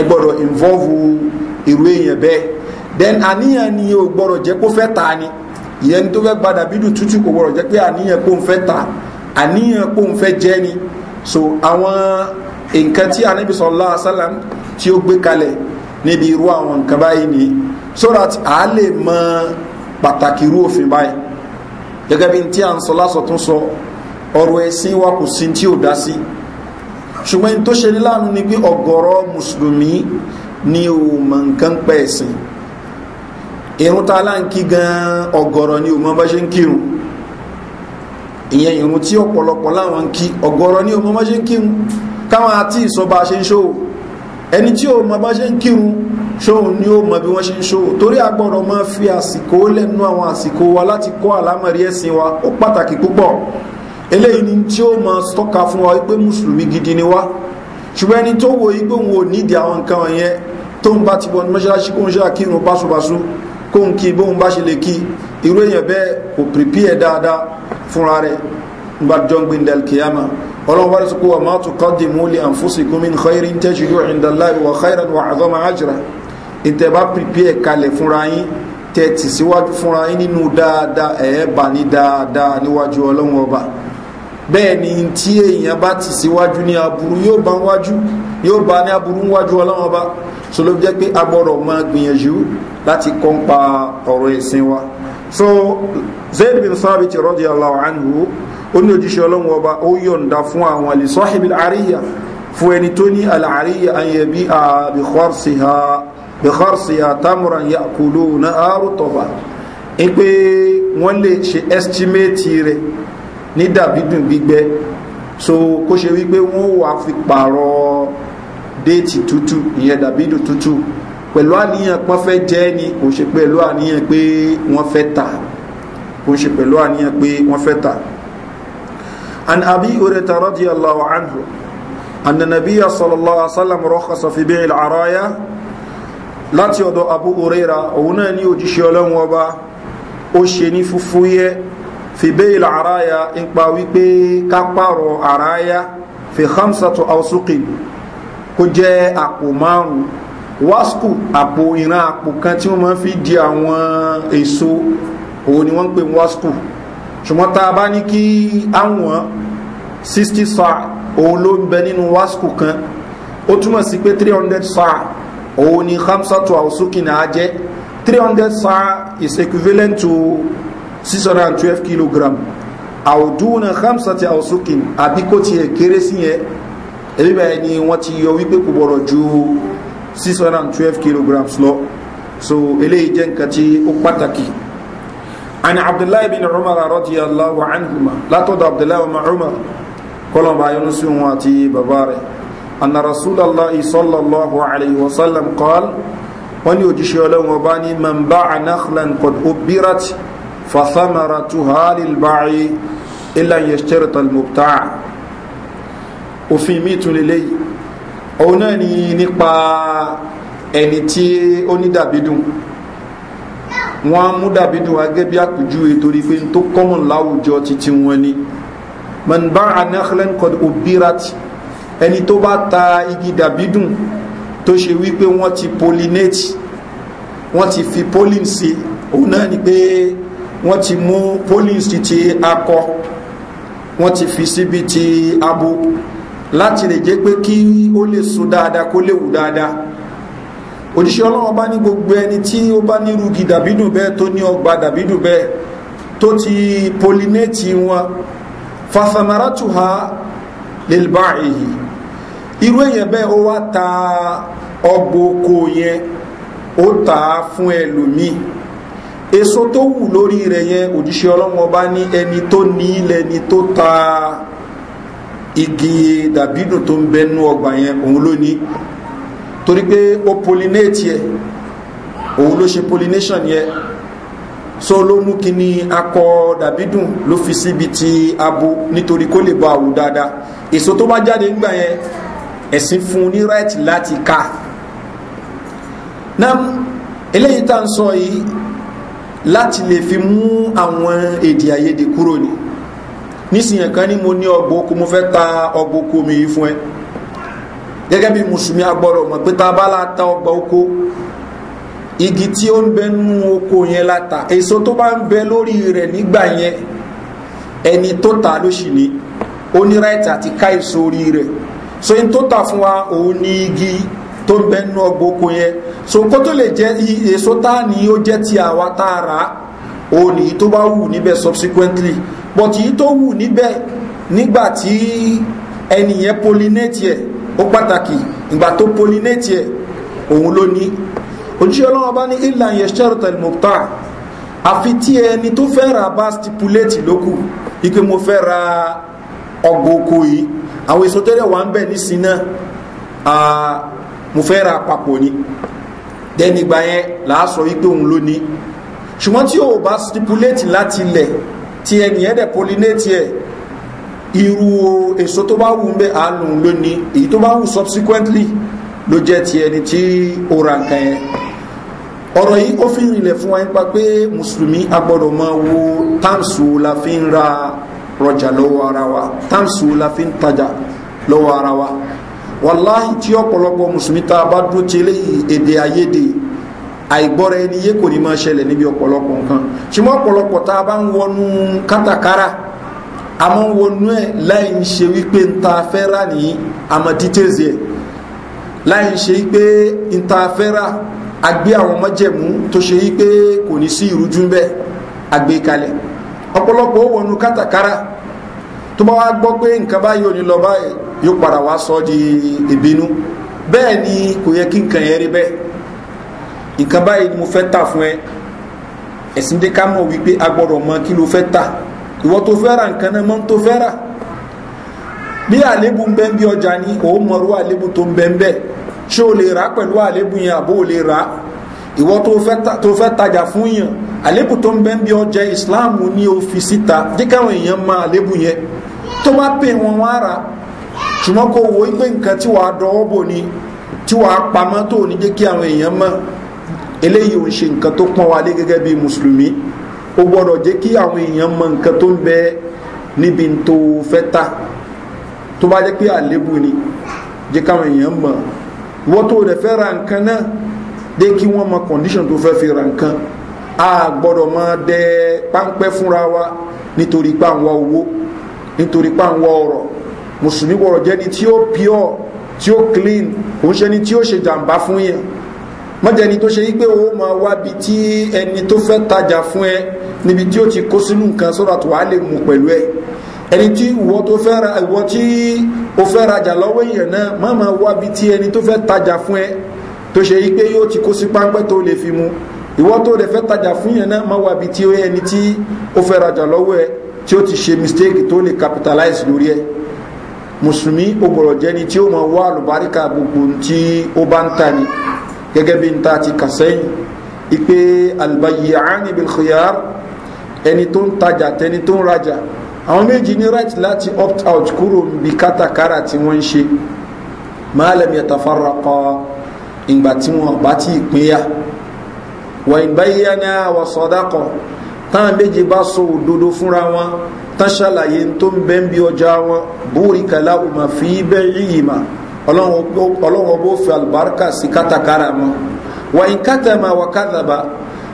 ẹ gbọ́dọ̀ involve irú èèyàn bẹ́ẹ̀ then àníyàn ni o gbọ́dọ̀ jẹ́ kó fẹ́ ta ni ìyẹn ni tó fẹ́ gbadà bídùn tútù kò gbọ́dọ̀ jẹ́ pé àníyàn kó ń fẹ́ ta àníyàn kó ń fẹ́ jẹ́ ni so àwọn nǹkan tí anabi sallallahu alaihi wasallam tí ó gbé kalẹ̀ níbi irú àwọn nǹkan báyìí ni so that a lè mọ pàtàkì irú òfin báyìí gẹ́gẹ́ bí tí à ń sọ lásọ̀ tún sọ ọ̀rọ̀ ẹ̀sìn wa kò sí tí ò dá sí ṣùgbọ́n tó ṣe ní láàánú ni pé ọ̀gọ̀rọ̀ mùsùlùmí ni ò mọ̀ nǹkan pẹ̀ ẹ̀sìn irun tá a lá ń kí gan ọ̀gọ̀rọ̀ ni ò mọ̀ bá ṣe ń kírun ìyẹn irun tí ọ̀pọ̀lọpọ̀ láwọn ń kí ọ̀gọ̀rọ̀ ni ò mọ̀ bá ṣe ń kírun káwọn àti ìsọba ṣe ń ṣòwò ẹni tí ò mọ̀ bá ṣe ń kírun ṣóhun ni ó mọ̀ bí wọ́n ṣe ń ṣòwò torí agbọ́dọ̀ máa fi àsìkò lẹ́nu àwọn àsìkò wa láti kó àlámọ̀rí ẹ̀sìn wa ó pàtàkì púpọ̀ eléyìí ni tí ó máa tọ́ka fún wa pé mùsùlùmí gidi ni wá ṣùgbọ́n ẹni tó wo ipé òun ò nídìí àwọn nǹkan wọ̀nyẹn tó ń bá ti bọ̀ ní mọ́ṣáláṣí kó ń ṣe àkírun báṣubàṣu kó ń kí bóun bá ṣe lè kí irú èèyàn bẹ́ẹ̀ kò pìrìpìẹ̀ dáadáa fúnra rẹ̀ gbàjọ́ gbìndẹ̀l kìyàmà ọlọ́run bá sọ pé wà máa tún kọ́ di múlẹ̀ àǹfóṣì gómìn xayiri ń tẹ́jú yóò ìndà láì wà xayiran àdọ́mà ájìrà ìtẹ̀ bá pìrìpìẹ̀ kalẹ̀ fúnra yín tẹ̀ tì síwájú fúnra yín nínú dáadáa ẹ̀ẹ́ bà ní dáadáa níwájú ọlọ́run ọba bẹ́ẹ̀ ni tí èèyàn bá ti síwájú ní aburú yóò bá wájú yóò bá ní aburú wájú ọlọ́wọ́n bá so ló jẹ́ pé agbọ́dọ̀ máa gbìyànjú láti kọ́ńpa ọ̀rọ̀ ẹ̀sìn wa so zayd bin sábit rọ́dí aláwọ̀ anhu ọlọ́wọ́n ọba ó yọ̀ǹda fún àwọn alìsọ́hìbìl àríyà fún ẹni tó ní àlàáríyà ayẹbí àbíkọ́rṣìhà bíkọ́rṣìhà támùràn yà kúló na àrùtọ̀bà ń pé wọ́n lè ṣe estimate rẹ̀ ní dàbí dùn so kó ṣe wípé wọ́n wà fi pààrọ̀ déètì tútù ìyẹn dàbí dùn tútù pẹ̀lú àníyàn pọ́n fẹ́ jẹ́ ni kò ṣe pẹ̀lú àníyàn pé wọ́n fẹ́ tà kò ṣe pẹ̀lú àníyàn pé wọ́n fẹ́ tà. an abi ureta radiyallahu anhu anna nabiya sallallahu alaihi wasallam rakhasa fi bi'il araya láti ọ̀dọ̀ abu ureira òun náà ní òjíṣẹ́ ọlọ́run ọba ó ṣe ní fúfúyẹ́ fi bẹ́ẹ̀ la àráyà ń pa wípé ká pààrọ̀ àráyà fi hamsatu ausukin kó jẹ́ àpò márùn wasku àpò ìran àpò kan tí wọ́n máa fi di àwọn èso òun ni wọ́n ń pè wasku ṣùgbọ́n tá a bá ní kí àwọn 60 sa òun ló ń bẹ nínú wasku kan ó túmọ̀ sí pé 300 sa òun ni hamsatu ausukin á jẹ́ 300 sa is equivalent to 612 kilogram àwòdúnà hamsati ausukin àbí kó tiẹ̀ kéré sí yẹn ebi báyìí ni wọ́n ti yọ wípé kò bọ̀rọ̀ ju 612 kilograms lọ so eléyìí jẹ́ nǹkan tí ó pàtàkì ani abdullahi bin umar radiyallahu anhuma látọ̀dọ̀ abdullahi bin umar kọlọmba ayọ́nu sí wọn àti bàbá rẹ̀ anna rasulallah sallallahu alayhi wa sallam kọ́l wọ́n ní òjíṣẹ́ ọlọ́wọ́n bá ní man bá a nakhlan fathamaratuha lilba'i illa yashtarita almubta'a òfin mi tún lélẹ́yìí òun náà ni nípa ẹni tí ó ní dàbídùn wọn á mú dàbídùn wá gẹ́gẹ́ bí àpèjúwe torí pé tó kọ́mọ̀ láwùjọ títí wọn ni man ba'a nakhlan qad ubirat ẹni tó bá ta igi dàbídùn tó ṣe wípé wọ́n ti pollinate wọ́n ti fi pollen sí òun náà ni pé wọ́n ti mú pólísì ti akọ wọ́n ti fi síbi ti abo láti lè jẹ́ pé kí ó lè so dáadáa kó lè wù dáadáa òjíṣẹ́ ọlọ́wọ́ bá ní gbogbo ẹni tí ó bá ní rúgi dàbídùn bẹ́ẹ̀ tó ní ọgbà dàbídùn bẹ́ẹ̀ tó ti polinéètì wọn fathamaratuha lilba'i irú èyàn bẹ́ẹ̀ ó wá ta ọgbà oko yẹn ó tà á fún ẹlòmíì èso tó wù lórí rẹ̀ yẹn òjíṣẹ́ ọlọ́run ní ẹni tó ní ilẹ̀ ni tó ta igi dàbídùn tó ń bẹnu ọgbà yẹn òun ló ní torí pé ó pollinate yẹ òun ló ṣe pollination yẹ so ló mú kí ni akọ dàbídùn ló fi síbi ti abo nítorí kó lè bá àwù dáadáa èso tó bá jáde ńgbà yẹn ẹ̀sìn fún ní right láti ká náà eléyìí tá à sọ yìí láti lè fi mú àwọn èdè àyèdè kúrò ní nísìnyẹn kan ní mo ní ọgbọ oko mo fẹ́ ta ọgbọ oko mi yìí fún ẹ gẹ́gẹ́ bí mùsùlùmí agbọ́dọ̀ mọ̀ pé ta bá la ta ọgbà oko igi tí ó ń bẹ nínú oko yẹn la ta èso tó bá ń bẹ lórí rẹ̀ nígbà yẹn ẹni tó ta ló sì ní ó ní ká èso orí rẹ̀ so n tó ta fún wa òun ní igi tó ń bẹ nínú ọgbà so kó tó lè jẹ èso tá a ní ó jẹ ti àwa tá a rà á nìyí tó bá wù níbẹ̀ subsequently but yìí tó wù níbẹ̀ nígbà tí ẹnìyẹn pollinate yẹ ó pàtàkì ìgbà tó pollinate yẹ òun ló ní òjíṣẹ́ ọlọ́run bá ní ilà yẹn ṣẹ́rọ̀tẹ̀ mọ̀tà àfi tí ẹni tó fẹ́ ra bá stipulate lókù ike mo fẹ́ ra ọgbọ oko yìí àwọn èso tẹ́lẹ̀ wà ń bẹ̀ nísìn náà mo fẹ́ ra papọ̀ ni dẹ́ni gba yẹn làásọ wípé òun ló ní ṣùgbọ́n tí o bá stipulate láti ilẹ̀ tí ẹni ẹ̀ dẹ̀ pollinate ẹ̀ irú èso tó bá wù ń bẹ́ àánú ló ní èyí tó bá wù subsequently ló jẹ́ ti ẹni tí ó ra nǹkan yẹn ọ̀rọ̀ yìí ó fi rìnlẹ̀ fún wa nípa pé mùsùlùmí agbọ́dọ̀ máa wo táǹsù la fi ń ra rọjà lọ́wọ́ ara wa táǹsù la fi ń tajà lọ́wọ́ ara wa wàláhì tí ọ̀pọ̀lọpọ̀ mùsùlùmí tá a bá dúró ti eléyìí èdè àìyedè àìgbọ́ra ẹni yé kò ní máa ṣẹlẹ̀ níbi ọ̀pọ̀lọpọ̀ nǹkan ṣùgbọ́n ọ̀pọ̀lọpọ̀ tá a bá ń wọnú kátàkárà a máa ń wọnú ẹ̀ láì ń ṣe wípé ń ta fẹ́ rà ní àmọ́ details yẹ láì ń ṣe wípé ń ta fẹ́ rà àgbé àwọn mọ́jẹ̀mú tó ṣe wípé kò ní sí ìrújú bẹ́ẹ̀ àgbékalẹ̀ ọ̀pọ̀lọpọ̀ wọnú kátàkárà tó bá wá gbọ́ pé nǹkan báyìí ò ní lọ báyìí yóò padà wá sọ di ìbínú bẹ́ẹ̀ ni kò yẹ kí nǹkan yẹn rí bẹ́ẹ̀ nǹkan báyìí ni mo fẹ́ tà fún ẹ ẹ̀sìn dé ká mọ̀ wípé a gbọ́dọ̀ mọ kí ló fẹ́ tà ìwọ tó fẹ́ ra nǹkan náà mọ́ tó fẹ́ rà bí àlébù ń bẹ́ bí ọjà ni òun mọ̀rú àlébù tó ń bẹ́ ń ṣé o lè rà pẹ̀lú àlébù yẹn àbó o lè rà ìwọ tó fẹ́ tajà fún yàn àlébù tó ń bẹ́ bí ọjà ìsìláàmù ni o fi síta jẹ́ èèyàn mọ àlébù yẹn tó bá pè wọn wọn ara ṣùgbọ́n kò wò ó nǹkan tí wàá dọwọ́ ni tí wàá pamọ́ tó ní jẹ́ kí àwọn èèyàn mọ̀ eléyìí ò ń ṣe nǹkan tó pọ́n wálé gẹ́gẹ́ bí mùsùlùmí ó gbọ́dọ̀ jẹ́ kí àwọn èèyàn mọ̀ nǹkan tó ń bẹ níbi tó fẹ́ ta tó bá jẹ́ pé àlébù ni jẹ́ káwọn èèyàn mọ̀ wọ́n tó rẹ̀ fẹ́ ra nǹkan náà dé kí wọ́n mọ condition tó fẹ́ fi ra nǹkan a gbọ́dọ̀ máa dẹ páńpẹ́ fúnra wa nítorí pé àwọn owó nítorí páńwọ́ ọ̀rọ̀ mùsùlùmí gbọ́rọ̀ jẹ́ ni tí ó pure tí ó clean òun ṣe ni tí ó ṣe jàǹbá fún yẹn mọ́jẹni tó ṣe wípé owó máa wá bi tí ẹni tó fẹ́ tajà fún ẹ níbi tí ó ti kó sínú nǹkan sọ́dọ̀ tó wàá lè mú pẹ̀lú ẹ ẹni tí ìwọ tó fẹ́ ra ìwọ tí o fẹ́ rajà lọ́wọ́ èèyàn náà má máa wá bi tí ẹni tó fẹ́ tajà fún ẹ tó ṣe wípé yóò ti kó sí páńpẹ́ tó lè fi mu ìwọ tó lè fẹ́ tajà fún yẹn náà má wá bi tí ẹni tí o fẹ́ rajà lọ́wọ́ ẹ tí ó ti ṣe mistake tó lè capitalize lórí ẹ̀ mùsùlùmí ó gbọ́dọ̀ jẹ́ni tí ó máa wá àlùbáríkà gbogbo tí ó bá ń ta ni gẹ́gẹ́ bí n ta ti kà sẹ́yìn ipe albayyani bil ẹni tó ń tajà tẹni tó ń rajà àwọn méjì ní right láti opt out kúrò níbi kátàkárà tí wọ́n ń ṣe maalam yatafarraqa ìgbà tí wọ́n bá ti pínyà wa in bayyana wa sadaqa táwọn méjì bá sọ òdodo fúnra wọn tán ṣàlàyé tó ń bẹ́ ń bí ọjà wọn búrí kàlá òmà fi bẹ́ yìí mà ọlọ́wọ́n bó fi àlùbáríkà sí kátàkárà wọn wà ń kátàmà wà kátàbà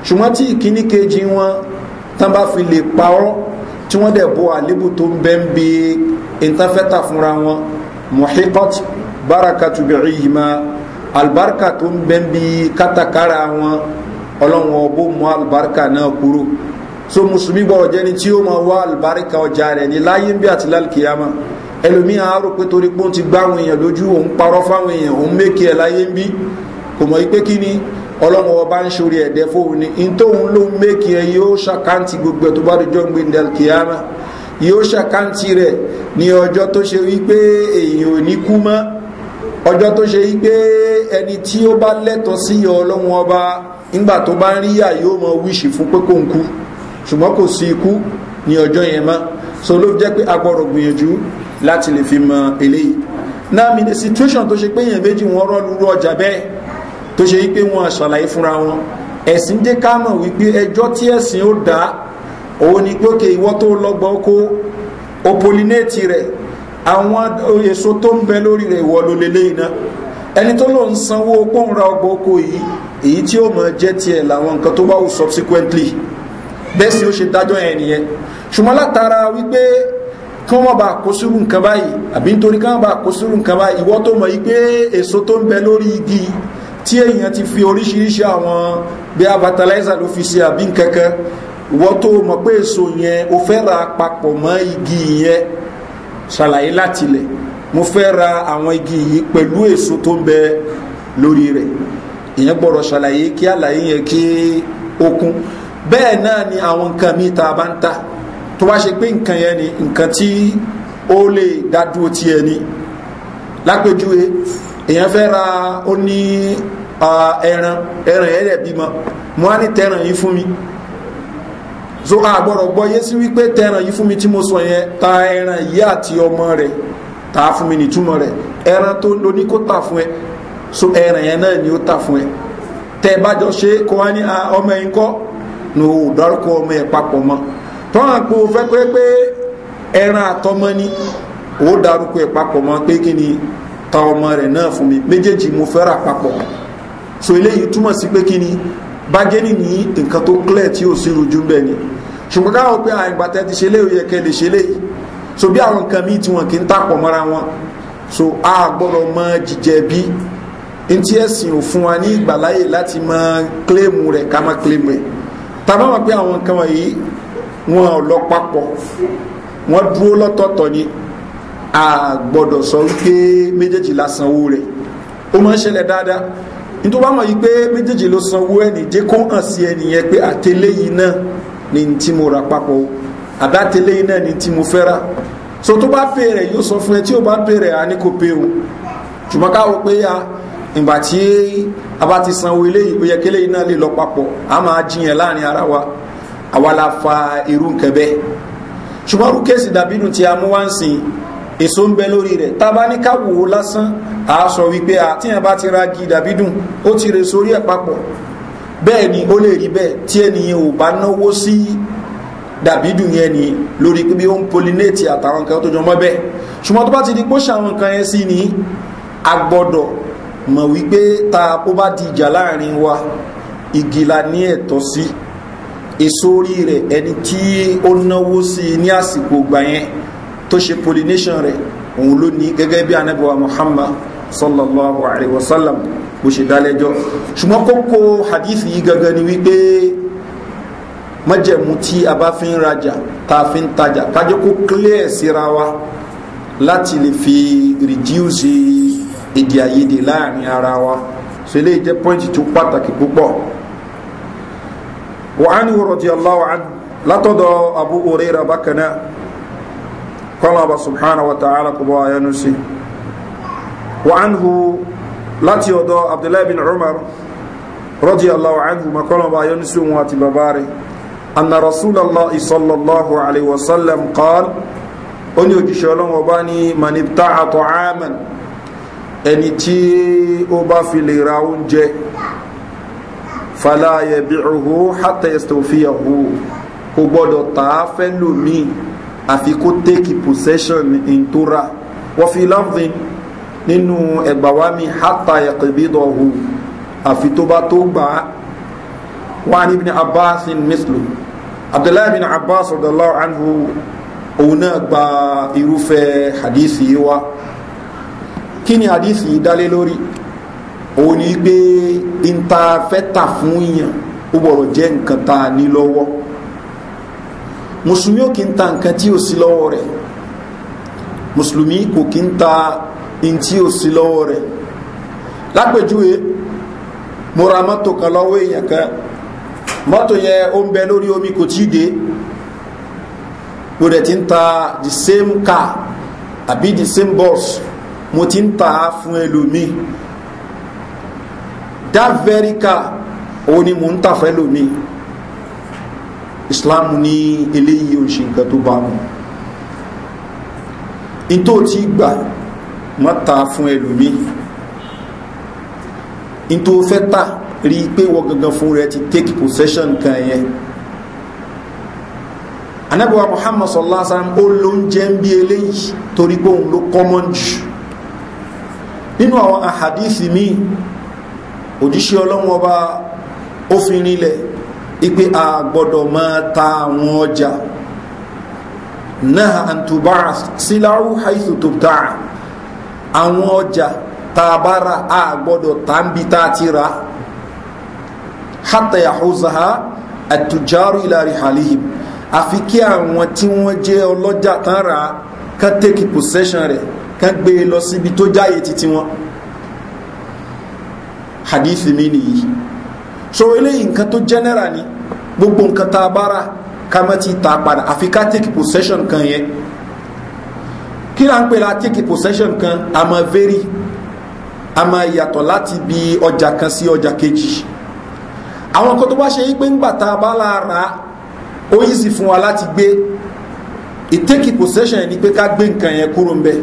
ṣùgbọ́n tí ìkíní kejì wọn tán bá fi lè parọ́ tí wọ́n dẹ̀ bọ́ àlébù tó ń bẹ́ ń bí ìtafẹ́ta fúnra wọn muhikot barakatu bẹ̀rẹ̀ yìí mà àlùbáríkà tó ń bẹ́ ń bí kátàkárà wọn ọlọ́wọ́n bó mú àlùbáríkà náà kúrò so mùsùlùmí gbọ́dọ̀ jẹ́ ni tí ó máa wá àlùbáríkà ọjà rẹ̀ ní láyé ń bí àti lálùkìyàmá ẹlòmí àárò pé torí pé ó ti gbá àwọn èèyàn lójú òun parọ́ fáwọn èèyàn òun mékè ẹ̀ láyé ń bí kò mọ̀ pé kí ni ọlọ́run ọba ń ṣorí ẹ̀dẹ́ fóun ni in tóun ló ń mékè ẹ yóò ṣàkáǹtì gbogbo ẹ̀ tó bá dojọ́ gbé ndẹ́lkìyàmá yóò ṣàkáǹtì rẹ̀ ní ọjọ́ tó ṣe wípé èèyàn ò ní kú mọ́ ọjọ́ tó ṣe wípé ẹni tí ó bá lẹ́tọ̀ọ́ sí ọlọ́run ọba nígbà tó bá ń ríyà yóò mọ wíṣì fún pé kó ń kú ṣùgbọ́n kò sí ikú ní ọjọ́ yẹn mọ́ so ló jẹ́ pé agbọ́rọ̀ gbìyànjú láti lè fi mọ eléyìí náà mi ní situation tó ṣe pé èèyàn méjì wọ́n rọ́ lúrú ọjà bẹ́ẹ̀ tó ṣe wípé wọ́n ṣàlàyé fúnra wọn ẹ̀sìn jẹ́ ká mọ̀ wípé ẹjọ́ tí ẹ̀sìn ó dá òun ni pé òkè ìwọ́ tó lọ́gbọ́ kó opolinate rẹ̀ àwọn èso tó ń bẹ lórí rẹ̀ ìwọ́ ló lélẹ́yìn náà ẹni tó lọ sanwó pọ́nra ọgbọ́ oko yìí èyí tí ó mọ̀ jẹ́ tiẹ̀ làwọn nǹkan tó bá wù subsequently bẹ́ẹ̀ sì ó ṣe dájọ́ yẹn nìyẹn ṣùgbọ́n látara wípé kí wọ́n bá kó sírù nǹkan báyìí àbí nítorí kí wọ́n bá kó sírù nǹkan báyìí ìwọ́ tó mọ̀ yí pé èso tó ń bẹ lórí igi tí èèyàn ti fi oríṣiríṣi àwọn bí a fertilizer ló fi ṣe àbí nkankan ìwọ́ tó mọ̀ pé èso yẹn o fẹ́ ra papọ̀ mọ́ igi yẹn ṣàlàyé látilẹ̀ mo fẹ́ ra àwọn igi yìí pẹ̀lú èso tó ń bẹ lórí rẹ̀ ìyẹn gbọ́dọ̀ ṣàlàyé kí àlàyé yẹn kí ó bẹ́ẹ̀ náà ni àwọn nǹkan mi ta bá ń ta tó bá ṣe pé nǹkan yẹn ni nǹkan tí ó lè dádúró ti ẹ ni lápèjúwe èèyàn fẹ́ ra ó ní ẹran ẹran yẹn rẹ̀ bímọ mo á ní tẹran yìí fún mi so a gbọ́dọ̀ gbọ́ yé sí wípé tẹran yìí fún mi tí mo sọ yẹn ta ẹran yìí àti ọmọ rẹ̀ ta fún mi nìtúmọ̀ rẹ̀ ẹran tó lóní kó tà fún ẹ so ẹran yẹn náà ni ó tà fún ẹ tẹ bá jọ ṣe kó wá ní ọmọ yìí kọ́ ní o dárúkọ ọmọ ẹ̀ papọ̀ mọ́ tọ́wọ́n pé o fẹ́ pé pé ẹran àtọmọ ni o dárúkọ ẹ̀ papọ̀ mọ́ pé kí ni ta ọmọ rẹ̀ náà fún mi méjèèjì mo fẹ́ rà papọ̀ so eléyìí túmọ̀ sí pé kí ni bájẹ́nì ní nǹkan tó clear tí ò sí rújú bẹ́ẹ̀ ni ṣùgbọ́n káwọn pé àìgbà tẹ́ ti ṣe léyìí ó yẹ kẹ́ lè ṣe léyìí so bí àwọn nǹkan míì tí wọn kì í tàpọ̀ mọ́ra wọn so a gbọ́dọ̀ mọ jíjẹ bí n tí ẹ̀sìn ò fún wa ní ìgbàláyè láti mọ kílèmù rẹ̀ ká má kílèmù rẹ̀ tàbá wọn pé àwọn nǹkan wọ̀nyí wọn ò lọ papọ̀ wọn dúró lọ́tọ̀ọ̀tọ̀ ni a gbọ́dọ̀ sọ wípé méjèèjì la sanwó rẹ̀ ó máa ń ṣẹlẹ̀ dáadáa nítorí wọn mọ̀ yí pé méjèèjì ló sanwó ẹni jẹ́ kó hàn sí ẹni pé àtẹlẹ́ náà ni tí mo ra papọ̀ o àbá àtẹlẹ́ náà ni tí mo fẹ́ ra so tó bá pè rẹ̀ yóò sọ fún ẹ tí ó bá pè rẹ̀ á ní kò pè o ṣùgbọ́n káwọ́ pé ya ìgbà tí a bá ti sanwó eléyìí ó yẹ kí eléyìí náà lè lọ papọ̀ a máa jiyàn láàrin ara wa àwa la fa irú nǹkan bẹ́ẹ̀ ṣùgbọ́n irú kéèsì dàbínú tí a mú wá ń sìn èso ń bẹ lórí rẹ̀ tábà ní ká wò ó lásán a sọ wípé àtìyàn bá ti ra gi dàbídùn ó ti rè sórí ẹ̀ papọ̀ bẹ́ẹ̀ ni ó lè rí bẹ́ẹ̀ tí ènìyàn ò bá náwó sí dàbídùn yẹn ni lórí pé bí ó ń pollinate àtàwọn nǹkan tó jọ mọ́ bẹ́ẹ̀ ṣùgbọ́n tó bá ti di pé ó nǹkan yẹn sí ni a mọ̀ wípé ta kó bá di ìjà láàrin wa igi la ní ẹ̀tọ́ sí èso orí rẹ̀ ẹni tí ó náwó sí ní àsìkò gbà yẹn tó ṣe pollination rẹ̀ òun ló ní gẹ́gẹ́ bí anábíwá muhammad sallallahu alayhi wa sallam bó ṣe dálẹ́jọ́ ṣùgbọ́n kókó hadith yìí gangan ni wípé májẹ̀mú tí a bá fi ń rajà tá a fi ń tajà kájọ́ kó clear síra wa láti lè fi reduce èdè àìyedè láàrin ara wa so eléyìí jẹ́ pọ́ǹtì tó pàtàkì púpọ̀ wa anhu radiyallahu anhu látọ̀dọ̀ Abu Hurairah bákan náà kọ́lọ́ba subhanahu wa ta'ala kò bọ́ ayánu sí wa anhu láti ọ̀dọ̀ Abdullahi bin Umar radiyallahu anhu ma kọ́lọ́ba ayánu sí òun àti bàbá rẹ̀ anna rasulallah sallallahu alayhi wa sallam ó ní òjíṣẹ́ ọlọ́wọ́ bá ní manibta'a ta'aman ẹni tí ó bá fi lè ra oúnjẹ fala yabi'uhu hatta yastawfiyahu kò gbọ́dọ̀ tà á fẹ́ lómi àfi kó take possession in tó ra wa fi lafdhin nínú ẹgbàwámi hatta yaqbidahu àfi tó bá tó gbà á wa an ibn abbas mislu abdullahi bin abbas radiyallahu anhu òun náà gba irúfẹ́ hadisi wa kí ni àdísì dálé lórí òun ni pé n ta fẹ́ tà fún yàn ó gbọ́dọ̀ jẹ́ nǹkan ta ní lọ́wọ́ mùsùlùmí ò kí ń ta nǹkan tí ò sí lọ́wọ́ rẹ̀ mùsùlùmí kò kí ń ta n tí ò sí lọ́wọ́ rẹ̀ lápèjúwe mo ra mọ́tò kan lọ́wọ́ èèyàn kan mọ́tò yẹn ó ń bẹ lórí omi kò tí dé mo dẹ̀ ti ń ta the same car àbí the same bus mo ti ń ta fún ẹlòmíì that very car òun ni mo ń ta fún ẹlòmíì islam ní eléyìí ò ṣe nǹkan tó bá mu ìtò tí gbà má ta fún ẹlòmíì ìtò fẹ́ ta rí i pé wọ́n gangan fún rẹ ti take possession kan yẹn anabiwa muhammad sallallahu alaihi wa sallam ó lóúnjẹ ń bí eléyìí torí pé òun ló common jù nínú àwọn àhàdíìsì míì òjíṣẹ́ ọlọ́wọ́n ọba ó fi rinlẹ̀ ipe a gbọ́dọ̀ máa ta àwọn ọjà náà àǹtùbá síláwù haithu tó ta àwọn ọjà tàbára a gbọ́dọ̀ tàbí tá a ti ra hátà yàhúzáhá àtùjárù ìlàrí halihim àfi kí àwọn tí wọ́n jẹ́ ọlọ́jà tán ra ká tẹ́kì possession rẹ̀ kán gbé e lọ síbi tó jáyé titi wọn hadith mi nìyí so eléyìí nǹkan tó general ni gbogbo nǹkan tá a bára ká má ti ta padà àfi ká take possession kan yẹn kí là ń pè la take possession kan a máa vary a láti bi ọjà kan sí ọjà kejì àwọn kan tó bá ṣe yí pé ńgbà tá a bá la ra ó yí sí fún wa láti gbé ìtake possession ni pé ká gbé nǹkan yẹn kúrò ń bẹ́ẹ̀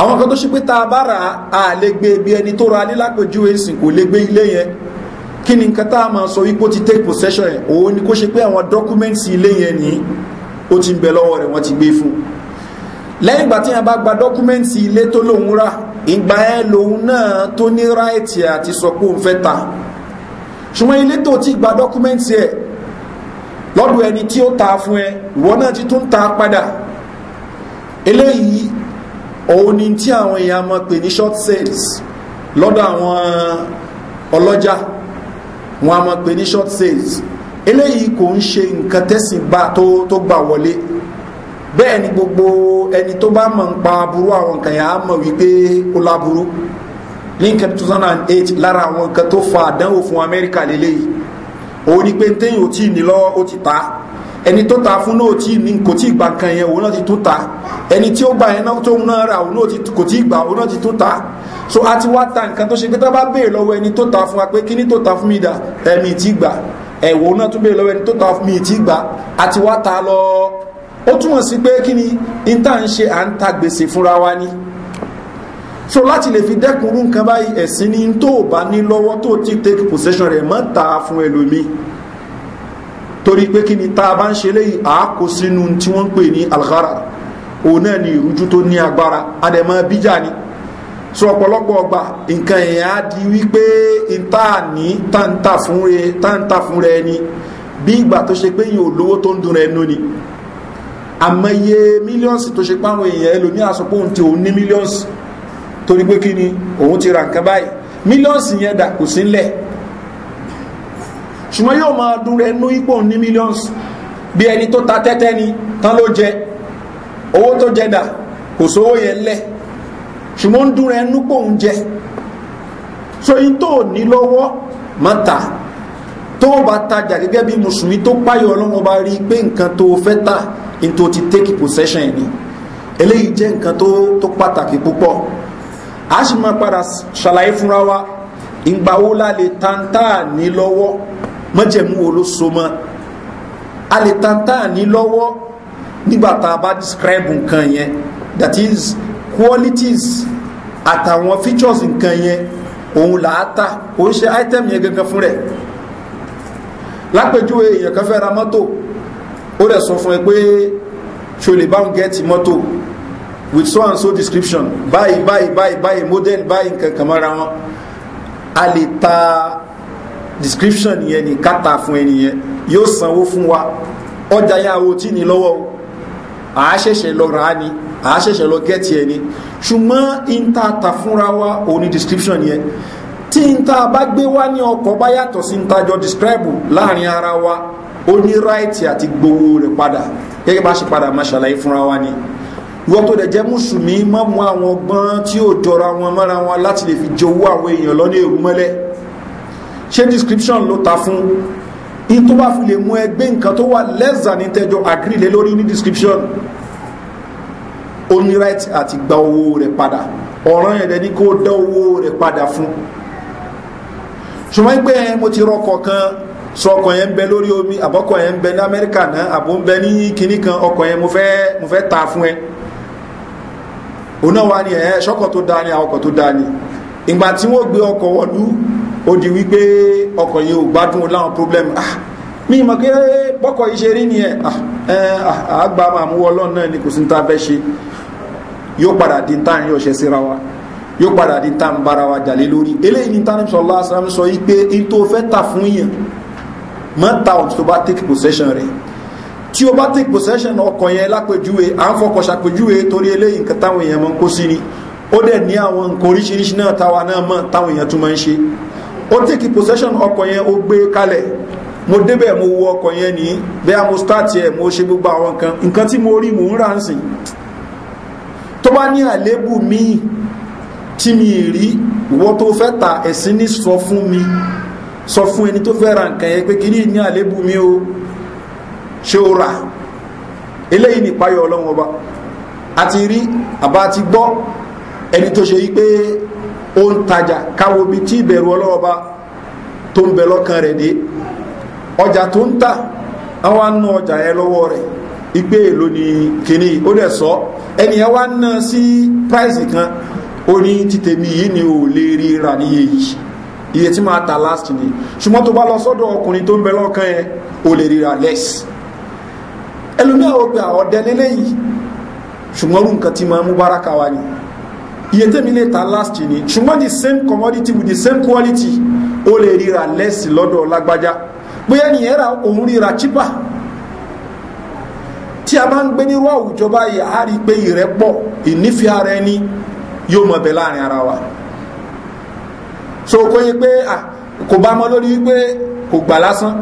àwọn kan tó ṣe pé ta bá ra a lè gbé ibi ẹni tó ra nílápẹ̀jú èsìn kò lè gbé ilé yẹn kí ni nǹkan tá a máa sọ wípé ó ti take possession yẹn òun ni kó ṣe pé àwọn dọ́kúmẹ́ǹtì ilé yẹn ni ó ti ń bẹ lọ́wọ́ rẹ̀ wọ́n ti gbé fún lẹ́yìn ìgbà tí yẹn bá gba dọ́kúmẹ́ǹtì ilé tó lòun rà ìgbà yẹn lòun náà tó ní ráìtì àti sọ pé òun fẹ́ ta ṣùgbọ́n ilé tó ti gba dọ́kúmẹ́ǹtì ẹ̀ lọ́dọ̀ ẹni tí ó ta fún ẹ ìwọ náà ti tún ta padà eléyìí òun ni tí àwọn èèyàn mọ̀ pè ní short sales lọ́dọ̀ àwọn ọlọ́jà wọn a mọ̀ pè ní short sales eléyìí kò ń ṣe nǹkan tẹ́sìn bá tó gbà wọlé bẹ́ẹ̀ ni gbogbo ẹni tó bá mọ̀ ń pa aburú àwọn nǹkan yà á mọ̀ wípé ó láburú ní nǹkan 2008 lára àwọn nǹkan tó fa àdánwò fún amẹ́ríkà lélẹ́yìí òun ni pé téyìn ò tí ì ní lọ́wọ́ ó ti ta á ẹni tó ta fún náà tí ní kò tí ì gba kan yẹn òun náà ti tó ta ẹni tí ó gba yẹn náà tó ń náà ra òun náà kò tí ì gba òun náà ti tó ta so a ti wá ta nǹkan tó ṣe pé tá bá béèrè lọ́wọ́ ẹni tó ta fún wa pé kíní tó ta fún mi dà ẹ̀mí ti gbà ẹ̀wọ̀ náà tó béèrè lọ́wọ́ ẹni tó ta fún mi ti gbà a ti wá ta lọ ó túmọ̀ sí pé kíni níta ń ṣe à ń ta gbèsè fúnra wa ni so láti lè fi dẹ́kun nǹkan báyìí ẹ̀sìn ni tó bá ní lọ́wọ́ tó ti take possession rẹ̀ mọ́ ta fún ẹlòmíì torí pé kí ni tá a bá ń ṣe léyìí àákó sínú tí wọ́n ń pè ní alghara òun náà ni ìrújú tó ní agbára adẹ̀mọ́ bíjà ni so ọ̀pọ̀lọpọ̀ ọgbà nǹkan èèyàn á di wípé ìta ní táǹtà fún rẹ ni bí ìgbà tó ṣe pé yìí ò lówó tó ń dun rẹ nú ni àmọye mílíọ̀nsì tó ṣe páwọn èèyàn ẹlòmí àsopọ̀ ohun tí òun ní mílíọ̀nsì torí pé kí ni òun ti ra nǹkan báyìí mílíọ̀nsì yẹn dà kò sí ṣùgbọ́n yóò máa dún rẹ̀ nú ipò ní millions bí ẹni tó ta tẹ́tẹ́ ni tán ló jẹ owó tó jẹ kò sówó yẹn lẹ̀ ṣùgbọ́n ń dún rẹ̀ pò ń jẹ so yín tó ní lọ́wọ́ má ta tó bá tajà gẹ́gẹ́ bí mùsùlùmí tó páyọ̀ ọlọ́run bá rí pé nǹkan tó fẹ́ tà in tó ti take possession ni eléyìí jẹ́ nǹkan tó tó pàtàkì púpọ̀ a sì máa padà ṣàlàyé fúnra wa ìgbà wo la lè tantà ní lọ́wọ́ mọ́jẹ̀mú wo ló so mọ́ a lè tan tá à ní lọ́wọ́ nígbà tá a bá describe nǹkan yẹn that is qualities àtàwọn features nǹkan yẹn òun là á ta òun ṣe item yẹn gangan fún rẹ̀ lápèjúwe èèyàn kan fẹ́ ra mọ́tò ó rẹ̀ sọ fún ẹ pé ṣo lè bá ń gẹ́ẹ̀tì mọ́tò with so and so description báyìí báyìí báyìí báyìí model báyìí nǹkan kan mọ́ra wọn a lè ta description nìyẹn ni kátà fún ẹnìyẹn yóò sanwó fún wa ọjà yà owó tí ní lọ́wọ́ àá ṣẹ̀ṣẹ̀ lọ rà á ni àá lọ gẹ́ẹ̀tì ẹni ṣùgbọ́n ìta tà fúnra wa òun description yẹn tí ìta bá gbé wá ní ọkọ̀ bá yàtọ̀ sí ìta jọ describe láàrin ara wa ó ní ráìtì àti gbowó rẹ̀ padà gẹ́gẹ́ bá ṣe padà máa ṣàlàyé fúnra wa ni wọ́n tó dẹ̀ jẹ́ mùsùlùmí má mú àwọn ọgbọ́n tí ò jọra wọn mọ́ra wọn láti lè fi jowó àwọn èèyàn lọ́nà èrú mọ́lẹ́ ṣé description ló ta fún in tó bá fi lè mú ẹgbẹ́ nǹkan tó wà less than ìtẹ́jọ́ agree lórí ní description ó ní right àti gba owó rẹ̀ padà ọ̀ràn ẹ̀dẹ̀ ní kó dá owó rẹ̀ padà fún ṣùgbọ́n pé mo ti rọkọ̀ kan sọ ọkọ̀ yẹn ń bẹ lórí omi àbọ̀kọ̀ yẹn ń bẹ ní amẹ́ríkà náà àbò ń bẹ ní kinní kan ọkọ̀ yẹn mo fẹ́ mo fẹ́ ta fún ẹ òun náà wà ní ẹ̀ ṣọ́kọ̀ tó dáa ni àwọn ọkọ̀ tó dáa ni ìgbà tí wọ́n gbé ọkọ̀ wọ̀lú ó di wípé ọkọ̀ yìí ò gbádùn láwọn problem ah mi mọ̀ pé eh, bọ́kọ̀ yìí ṣe rí ni ẹ̀ àgbà ah, eh, ah, máa ọlọ́run náà ni kò sí ta fẹ́ ṣe yóò padà di tá à ń yọ̀ ṣe síra wa yóò padà di tá à wa jàlé lórí eléyìí ni tánìm sọ lásán sọ yìí pé in tó fẹ́ tà fún yàn mọ́ ta ọ̀ tó bá take possession rẹ̀ tí o bá take possession ọkọ̀ yẹn lápèjúwe à ń fọkọ̀ ṣàpèjúwe torí eléyìí nǹkan táwọn èèyàn mọ́ kó sí ni ó dẹ̀ ní àwọn nǹkan oríṣiríṣi náà táwa náà mọ̀ táwọn èèyàn tún máa ń ṣe ó tèkì possession ọkọ̀ yẹn ó gbé kalẹ̀ mo débẹ̀ mo wo ọkọ̀ yẹn ní bẹ́ẹ̀ mo start ẹ̀ mo ṣe gbogbo àwọn nǹkan nǹkan tí mo rí mò ń rà ń sìn tó bá ní àlébù míì tí mi rí ìwọ tó fẹ́ ta ẹ̀sìn ní sọ fún mi sọ fún ẹni tó fẹ́ ra nǹkan yẹn pé kí ní ní àlébù mi o ṣe o rà eléyìí ní ìpayọ̀ ọlọ́wọ́n ọba àti rí àbá ti gbọ́ ẹni tó ṣe yí pé ó ń tajà káwo bí tí ìbẹ̀rù ọlọ́ọba tó ń bẹ lọ́kàn rẹ̀ dé ọjà tó ń tà ọjà yẹn lọ́wọ́ rẹ̀ igbe èlò ni kìíní ó sọ ẹnìyẹn wá ná sí price kan oni ní títẹ̀mí yìí ni ò lè rí ra níye yìí iye tí máa ta last ni ṣùgbọ́n tó bá lọ sọ́dọ̀ ọkùnrin tó ń bẹ lọ́kàn yẹn ò lè ríra less ẹlòmíà ó pe àwọn ọdẹ ṣùgbọ́n rú nǹkan tí máa mú báraka wa ni iye tẹ́mi lè ta last ni ṣùgbọ́n the same commodity with the same quality ó lè ríra less lọ́dọ̀ lágbájá bóyá nìyẹn ra òun ríra cheaper tí a bá ń gbé nírú àwùjọ báyìí a rí i pé ìrẹ́pọ̀ ìnífẹ̀ẹ́ ara ẹni yóò mọ̀ bẹ̀ láàrin ara wa so kò yẹ pé kò bá mọ́ lórí wípé kò gbà lásán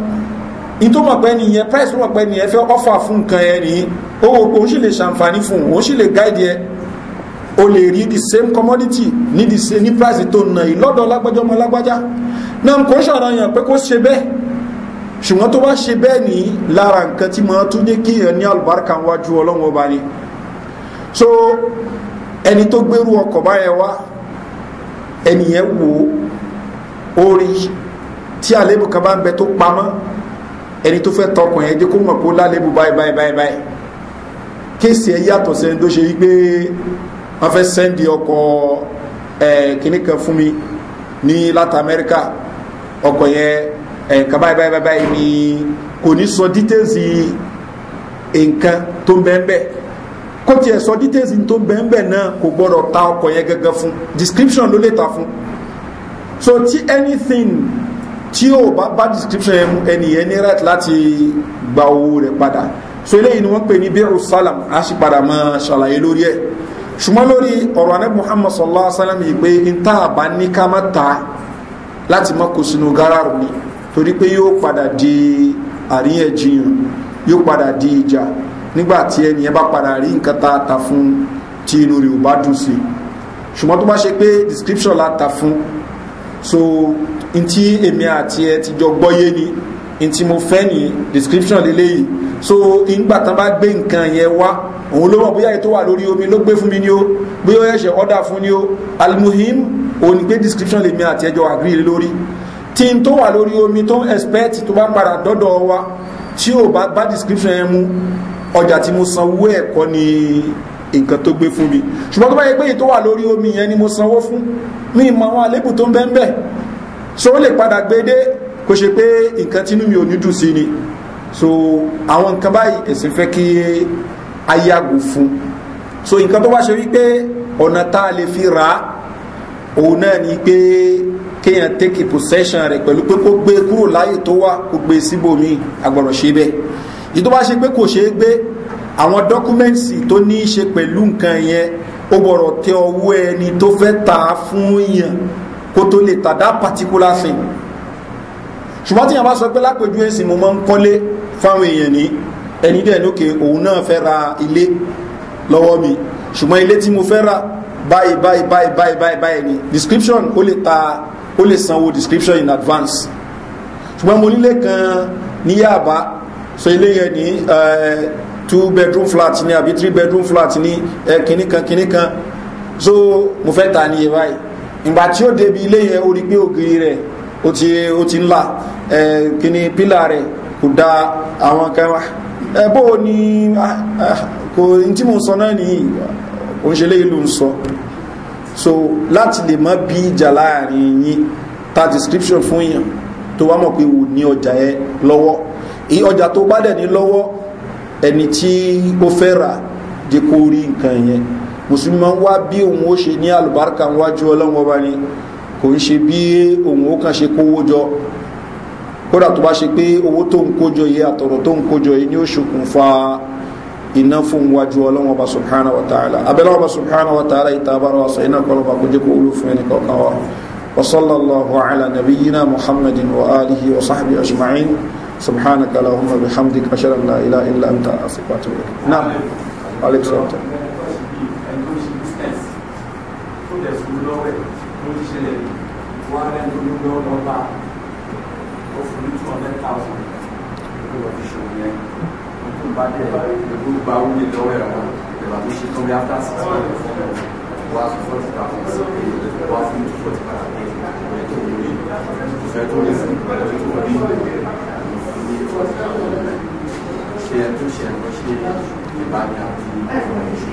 in tó mọ̀ pé nìyẹn price tó nìyẹn fẹ́ offer fún nǹkan ẹ nìyí owó òun sì lè ṣàǹfààní fún òun sì lè guide ẹ o lè rí the same commodity ní the same ní price tó nà yìí lọ́dọ̀ lágbájá ọmọ lágbájá náà kò ṣàrà yàn pé kó ṣe bẹ́ẹ̀ ṣùgbọ́n tó bá ṣe bẹ́ẹ̀ ní lára nǹkan tí máa tún jẹ́ kí èèyàn ní àlùbáríkà wájú ọlọ́run ọba ni so ẹni tó gbérú ọkọ̀ báyẹn wá ẹnìyẹn wo orí tí àlébù kan bá ń bẹ tó pamọ́ ẹni tó fẹ́ tọkàn yẹn jẹ́ kó mọ̀ pé ó lálébù báyìí báyìí báyìí báyìí kéèsì ẹ yàtọ̀ sẹ́ni tó ṣe wípé wọ́n fẹ́ sẹ́ndì ọkọ̀ ẹ̀ kan fún mi ní latin america ọkọ̀ yẹn ẹ̀ nǹkan báyìí báyìí báyìí ni kò ní sọ dítẹ́sì nǹkan tó ń bẹ́ẹ̀ bẹ́ẹ̀ kó tiẹ̀ sọ dítẹ́sì tó ń náà kò gbọ́dọ̀ ta ọkọ̀ yẹn gẹ́gẹ́ fún description ló lè ta fún so ti anything tí o bá bá description yẹn mu ẹni yẹn ní right láti gba owó rẹ padà so eléyìí ni wọn pè ní bẹ́ẹ̀rù sálàm á sì padà máa ṣàlàyé lórí ẹ̀ ṣùgbọ́n lórí ọ̀rọ̀ anẹ́ muhammad sallallahu alaihi wasallam yìí pé n tá a bá ní ká má ta láti má kó sínú gáràrù ni torí pé yóò padà di àríyànjiyàn yóò padà di ìjà nígbà tí ẹni ẹ bá padà rí nǹkan tá ta fún tí inú rẹ̀ ò bá dùn sí ṣùgbọ́n tó bá ṣe pé description la ta fún so n tí èmi àti ẹ ti jọ gbọ́yé ni n mo fẹ́ ni description lélẹ́yìí so ìgbà tán bá gbé nǹkan yẹn wá òun ló mọ̀ bóyá ètò wà lórí omi ló gbé fún mi ni ó bóyá ẹ̀ṣẹ̀ ọ́dà fún ni ó almuhim òun gbé description lèmi àti ẹjọ́ agri lórí tí n tó wà lórí omi tó ń expect tó bá padà dọ́dọ̀ wa tí ò bá bá description yẹn mu ọjà tí mo sanwó ẹ̀ kọ́ ni nǹkan tó gbé fún mi ṣùgbọ́n tó bá yẹ pé ètò wà lórí omi yẹn ni mo sanwó fún mi ìmọ̀ àwọn àlébù tó ń bẹ́ ń bẹ̀ so ó lè padà gbé dé ṣe pé nǹkan tínú mi ò ní dùn sí ni so àwọn nǹkan báyìí ẹ̀sìn fẹ́ kí ayágo fún so nǹkan tó bá ṣe wípé ọ̀nà tá a lè fi rà á òun náà ni pé kéèyàn take possession rẹ̀ pẹ̀lú pé kó gbé kúrò láyè tó wà kó gbé síbòmí agbọ̀rọ̀ ṣe bẹ́ẹ̀ yìí tó bá ṣe pé kò ṣeé gbé àwọn dọ́kúmẹ́ǹtì tó ní í ṣe pẹ̀lú nǹkan yẹn ó gbọ́dọ̀ tẹ ọwọ́ ẹni tó fẹ́ ta fún yàn kó tó lè ta that particular thing ṣùgbọ́n tí bá sọ pé lápèjú ẹ̀sìn mo máa ń kọ́lé fáwọn èèyàn ní ẹni dẹ̀ lókè òun náà fẹ́ ra ilé lọ́wọ́ mi ṣùgbọ́n ilé tí mo fẹ́ ra báyìí báyìí báyìí báyìí báyìí báyìí ni description ó lè ta ó lè sanwó description in advance ṣùgbọ́n mo nílé kan ní Yaba so ilé yẹn ní eh, two bedroom flat ni àbí three bedroom flat ni ẹ kìíní kan kìíní kan so mo fẹ́ ta ni báyìí ìgbà tí ó débi ilé yẹn ó rí pé ògiri rẹ̀ ó ti ń là ẹ eh, kìíní pílà rẹ̀ kò da àwọn kan wá ẹ̀bọ́ ni ah, ah, kò tí mo sọ náà ní òṣèlé ìlú ń sọ so láti lè mọ́ bí ìjà láàrin yín ta description fún yàn tó wá mọ̀ pé wò ní ọjà ẹ lọ́wọ́ èyí ọjà tó bá dẹ̀ ní lọ́wọ́ ẹni tí ó fẹ́ rà jẹ́ kó rí nǹkan yẹn mùsùlùmí máa ń wá bí òun ó ṣe ní àlùbáríkà wájú ọlọ́wọ́ bá ní kò ń ṣe bí òun ó kàn ṣe kówó jọ kódà tó bá ṣe pé owó tó ń kójọ yìí àtọ̀rọ̀ tó ń kójọ yìí ni ó ṣokùnfà iná fún wájú ọlọ́wọ́n ọba subhanahu wa ta'ala abẹ́lẹ́wọ́n ọba subhanahu wa ta'ala yìí tàbára wa iná kọ́ lọ́ba kó jẹ́ kó olú fún ẹni kọ̀ọ̀kan wa wa sallallahu ala nabiyyina muhammadin wa alihi wa sahbihi ajma'in subhanaka allahumma bihamdika ashhadu an la ilaha illa anta astaghfiruka wa atubu ilayk na'am wọ́n á rẹ̀ lọ́wọ́ lọ́ba thousand ló lọ fi ṣòwò yẹn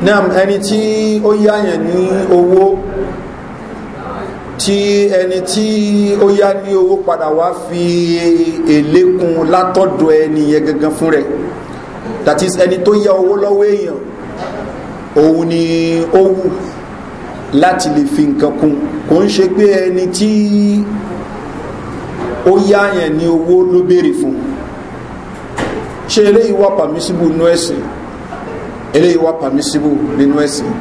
tó ẹni tí ó yáyàn ní owó tí ẹni tí ó yá ní owó padà wá fi èlé látọ̀dọ̀ ẹni yẹn gangan fún rẹ̀ that is ẹni tó yá owó lọ́wọ́ èèyàn òun ni ó wù láti lè fi nǹkan kún kò ń ṣe pé ẹni tí ó yá yẹn ní owó ló béèrè fún ṣé eléyìí wà pàmísíbù nínú ẹ̀sìn eléyìí wà pàmísíbù nínú ẹ̀sìn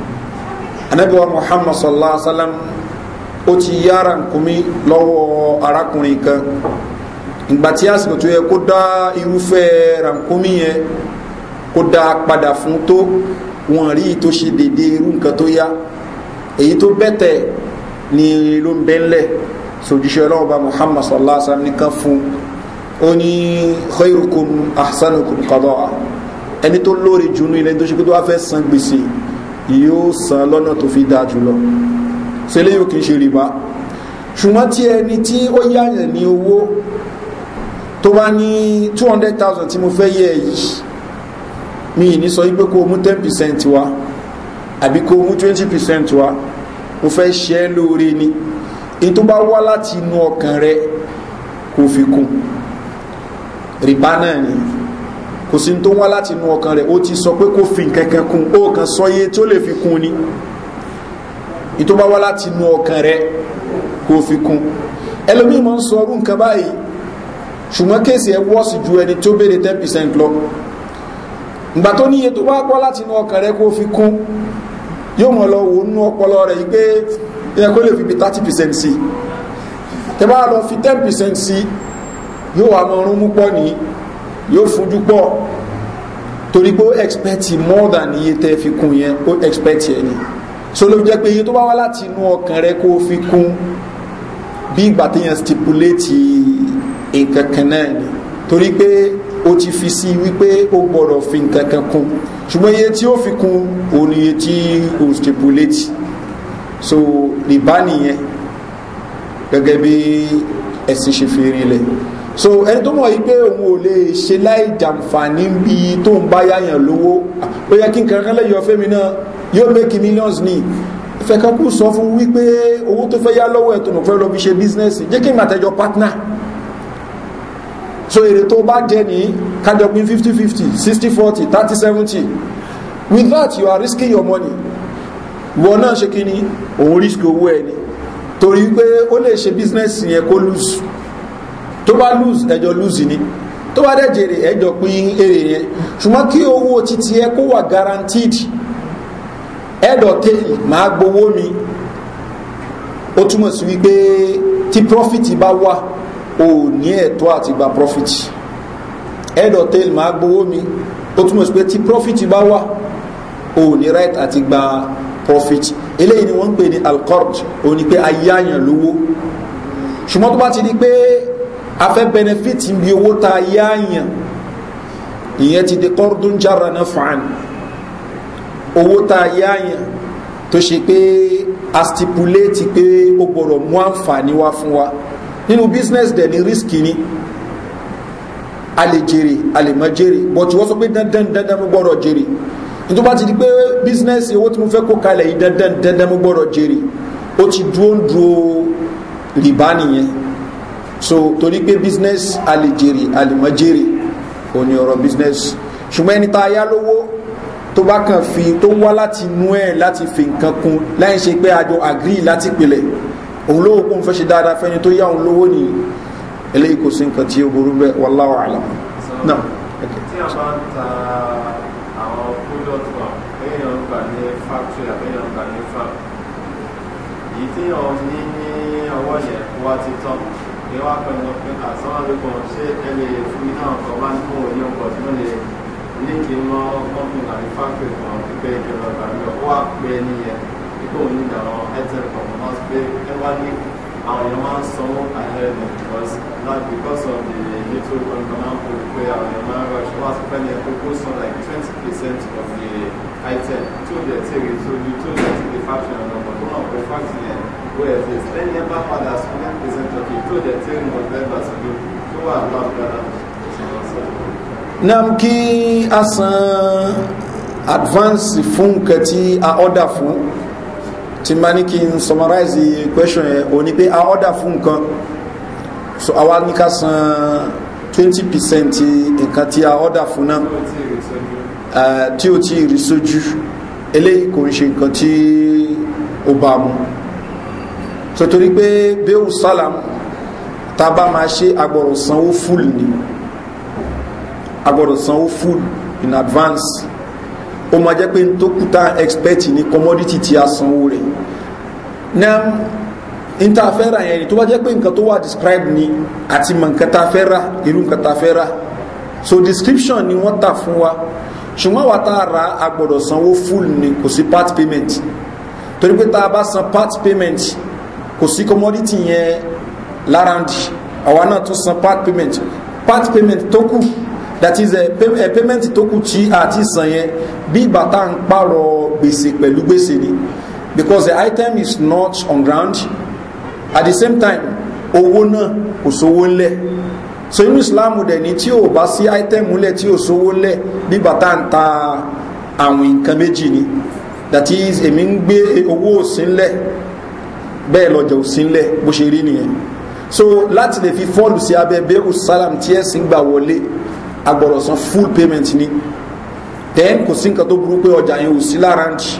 anabiwa muhammad sallallahu alaihi wa sallam ó ti yára nkùnmí lọ́wọ́ arákùnrin kan ìgbà tí àsìkò tó yẹ kó dá irúfẹ́ rànkúnmí yẹn kó dá padà fún tó wọn rí tó ṣe dédé irú nǹkan tó èyí tó bẹ́tẹ̀ ni ló ń bẹ́ńlẹ̀ sojúṣẹ́ ọlọ́run bá muhammad sallallahu alaihi wa sallam nìkan fún ó ní khairukum ahsanukum qada'a ẹni tó lóore jù ní ilẹ̀ tó ṣe kó tó wá fẹ́ san gbèsè yóò san lọ́nà tó fi dáa jùlọ sẹ́lẹ̀ yóò kì í ṣe rìbá ṣùgbọ́n tí ẹni tí ó yáyàn ní owó tó bá ní 200,000 tí mo fẹ́ yẹ yìí mi ì ní sọ wípé kó mú 10% wá àbí kó mú 20% wá mo fẹ́ ṣe lóore ni èyí tó bá wá láti inú ọkàn rẹ kò fi kún rìbá náà ni kò sí tó wá láti inú ọkàn rẹ ó ti sọ pé kó fi nǹkan kún ó kàn sọ iye tó lè fi kún ni ìtọ́ba wá láti inú ọkàn rẹ kó fi kún ẹlòmíì máa ń sọ ọdún nǹkan báyìí ṣùgbọ́n kéèsì ẹ wọ́ọ̀sì ju ẹni tó béèrè ten percent lọ ìgbà tó níye tó bá gbọ́ láti inú ọkàn rẹ kó fi kún yóò mọ̀ lọ wò nínú ọpọlọ rẹ yìí pé ẹ kó lè fi bi thirty percent sí tẹ bá lọ fi ten percent sí yóò wà mọ ọrún mú pọ̀ nìyí yóò fojú pọ̀ torí pé ó expect more than iye tẹ́ fi kún yẹn ó expect yẹn ni so ló jẹ́ pé iye tó bá wá láti inú ọkàn rẹ kó fi kún bí ìgbà téèyàn stipulate nǹkan kan náà ni torí pé ó ti fi sí wípé ó gbọ́dọ̀ fi nǹkan kan kún ṣùgbọ́n iye tí ó fi kún òun ni iye tí ó stipulate so rìbá nìyẹn gẹ́gẹ́ bí ẹ̀sìn ṣe fi rí lẹ̀ so ẹni tó mọ̀ yí pé òun ò lè ṣe láì jàǹfààní bí tó ń bá yáyàn lówó ó yẹ kí nǹkan kan lè yọ fẹ́mi náà yóò make millions ní ìfẹ̀kankú sọ fún wípé owó tó fẹ́ yá lọ́wọ́ ẹ̀tọ́ fẹ́ lọ fi ṣe business jẹ́ kí màtẹ́jọ partner so èrè tó bá jẹ́ ní kájọ pín 50-50 60-40 30-70 with that you are risking your money wọ́n náà ṣe kí ni òun risk owó ẹ̀ ni torí pé ó lè ṣe business yẹn kó lose tó bá lose ẹjọ́ lose ni tó bá dẹ̀ jèrè ẹjọ́ pín èrè yẹn ṣùgbọ́n kí owó titi ẹ kó wà guaranteed head or tail máa gbowó mi ó túmọ̀ sí wípé tí profit bá wà ò ní ẹ̀tọ́ àti gba profit head máa gbowó mi ó túmọ̀ sí pé tí profit bá wà ò ní right àti gba profit eléyìí ni wọ́n ń pè ní alcord ò ní pé ayáyàn lówó ṣùgbọ́n tó bá ti di pé a fẹ́ benefit bí owó ta ayáyàn ìyẹn ti di kọ́rdún jára náà owó tá a yá yàn tó ṣe pé a stipulate pé ó gbọ́dọ̀ mú àǹfààní wá fún wa nínú business dẹ̀ ní risk ni a lè jèrè a lè má jèrè but wọ́n sọ pé dandan dandan mo gbọ́dọ̀ jèrè nítorí bá ti di pé business owó tí mo fẹ́ kó kalẹ̀ yìí dandan dandan mo gbọ́dọ̀ jèrè ó ti dúró ń dúró rìbá nìyẹn so torí pé business a lè jèrè a lè má jèrè òní ọ̀rọ̀ business ṣùgbọ́n ẹni tá a yá lówó tó bá kàn fi tó wá láti inú ẹ̀ láti fi nǹkan kun láì ṣe pé àjọ àgírí láti pilẹ̀ òun lówó kó ń fẹ́ ṣe dáadáa fẹ́ni tó yá òun lówó nìyí eléyìí kò sí nǹkan tí ó burú bẹ́ẹ̀ wallahu a'lam. náà tí a bá ń ta àwọn product wa èèyàn gbà ní factory àbẹ́yàn gbà ní farm èyí tí èèyàn ní ní ọwọ́ yẹn wá ti tán ní wá pẹ̀lú pé àsánwó ah, lóko ṣé ẹ lè fún mi náà bá ń kó òní ọkọ̀ tí wọ́n lè ní because of the little economic code pé àwọn èèyàn máa ń rush wọ́n like twenty percent of the item tó dẹ̀ tèrè tó ju tó dẹ̀ ti factory ọ̀nà ọ̀gbọ̀n tó náà pé factory yẹn wọ́n ẹ̀ fẹ́ lẹ́yìn ẹ̀ ten percent of the tó dẹ̀ tèrè mọ̀ bẹ́ẹ̀ bá sọ ló wà lọ́ọ̀gbọ̀n náà kí a advance fun nǹkan tí a order fún tí ma ní kí n summarize the question yẹn o ní pé a order fún nǹkan so àwa ní ká san twenty percent nǹkan tí a order fún náà tí o ti rí sójú eléyìí kò ń ṣe nǹkan tí ó mu so torí pé bẹ́ẹ̀ sálàm tá a bá máa ṣe agbọ̀rọ̀ sanwó ni agbọ́dọ̀ sanwó food in advance ó máa jẹ́ pé tó kúta expect ní commodity tí a sanwó rẹ̀ náà intafẹ́ra yẹn ni tó bá jẹ́ pé nǹkan tó wà describe ni àti mọ̀ nǹkan ta irú nǹkan ta so description ni wọ́n tà fún wa ṣùgbọ́n wa tá ra a gbọ́dọ̀ sanwó full ni kò sí part payment torí pé tá a bá san part payment kò sí commodity yẹn lárandi àwa náà tún san part payment part payment tó kù that is eh, a, eh, payment tó kù tí àti san yẹn bí ìgbà tá ń pààrọ̀ gbèsè pẹ̀lú gbèsè ni because the item is not on ground at the same time owó náà kò sówó ńlẹ̀ so inú islam dẹ̀ ni tí ò bá sí item ńlẹ̀ tí ò sówó ńlẹ̀ bí ìgbà ń ta àwọn nǹkan méjì ni that is èmi ń gbé owó òsínlẹ̀ bẹ́ẹ̀ lọ́jà òsínlẹ̀ bó ṣe rí nìyẹn so láti lè fi fọ́ọ̀lù sí abẹ́ bẹ́ẹ̀rù sálàm tí ẹ̀sìn gbà wọlé agbọ̀rọ̀ san full payment ni then kò sí nǹkan tó burú pé ọjà yẹn ò sí lára ń jì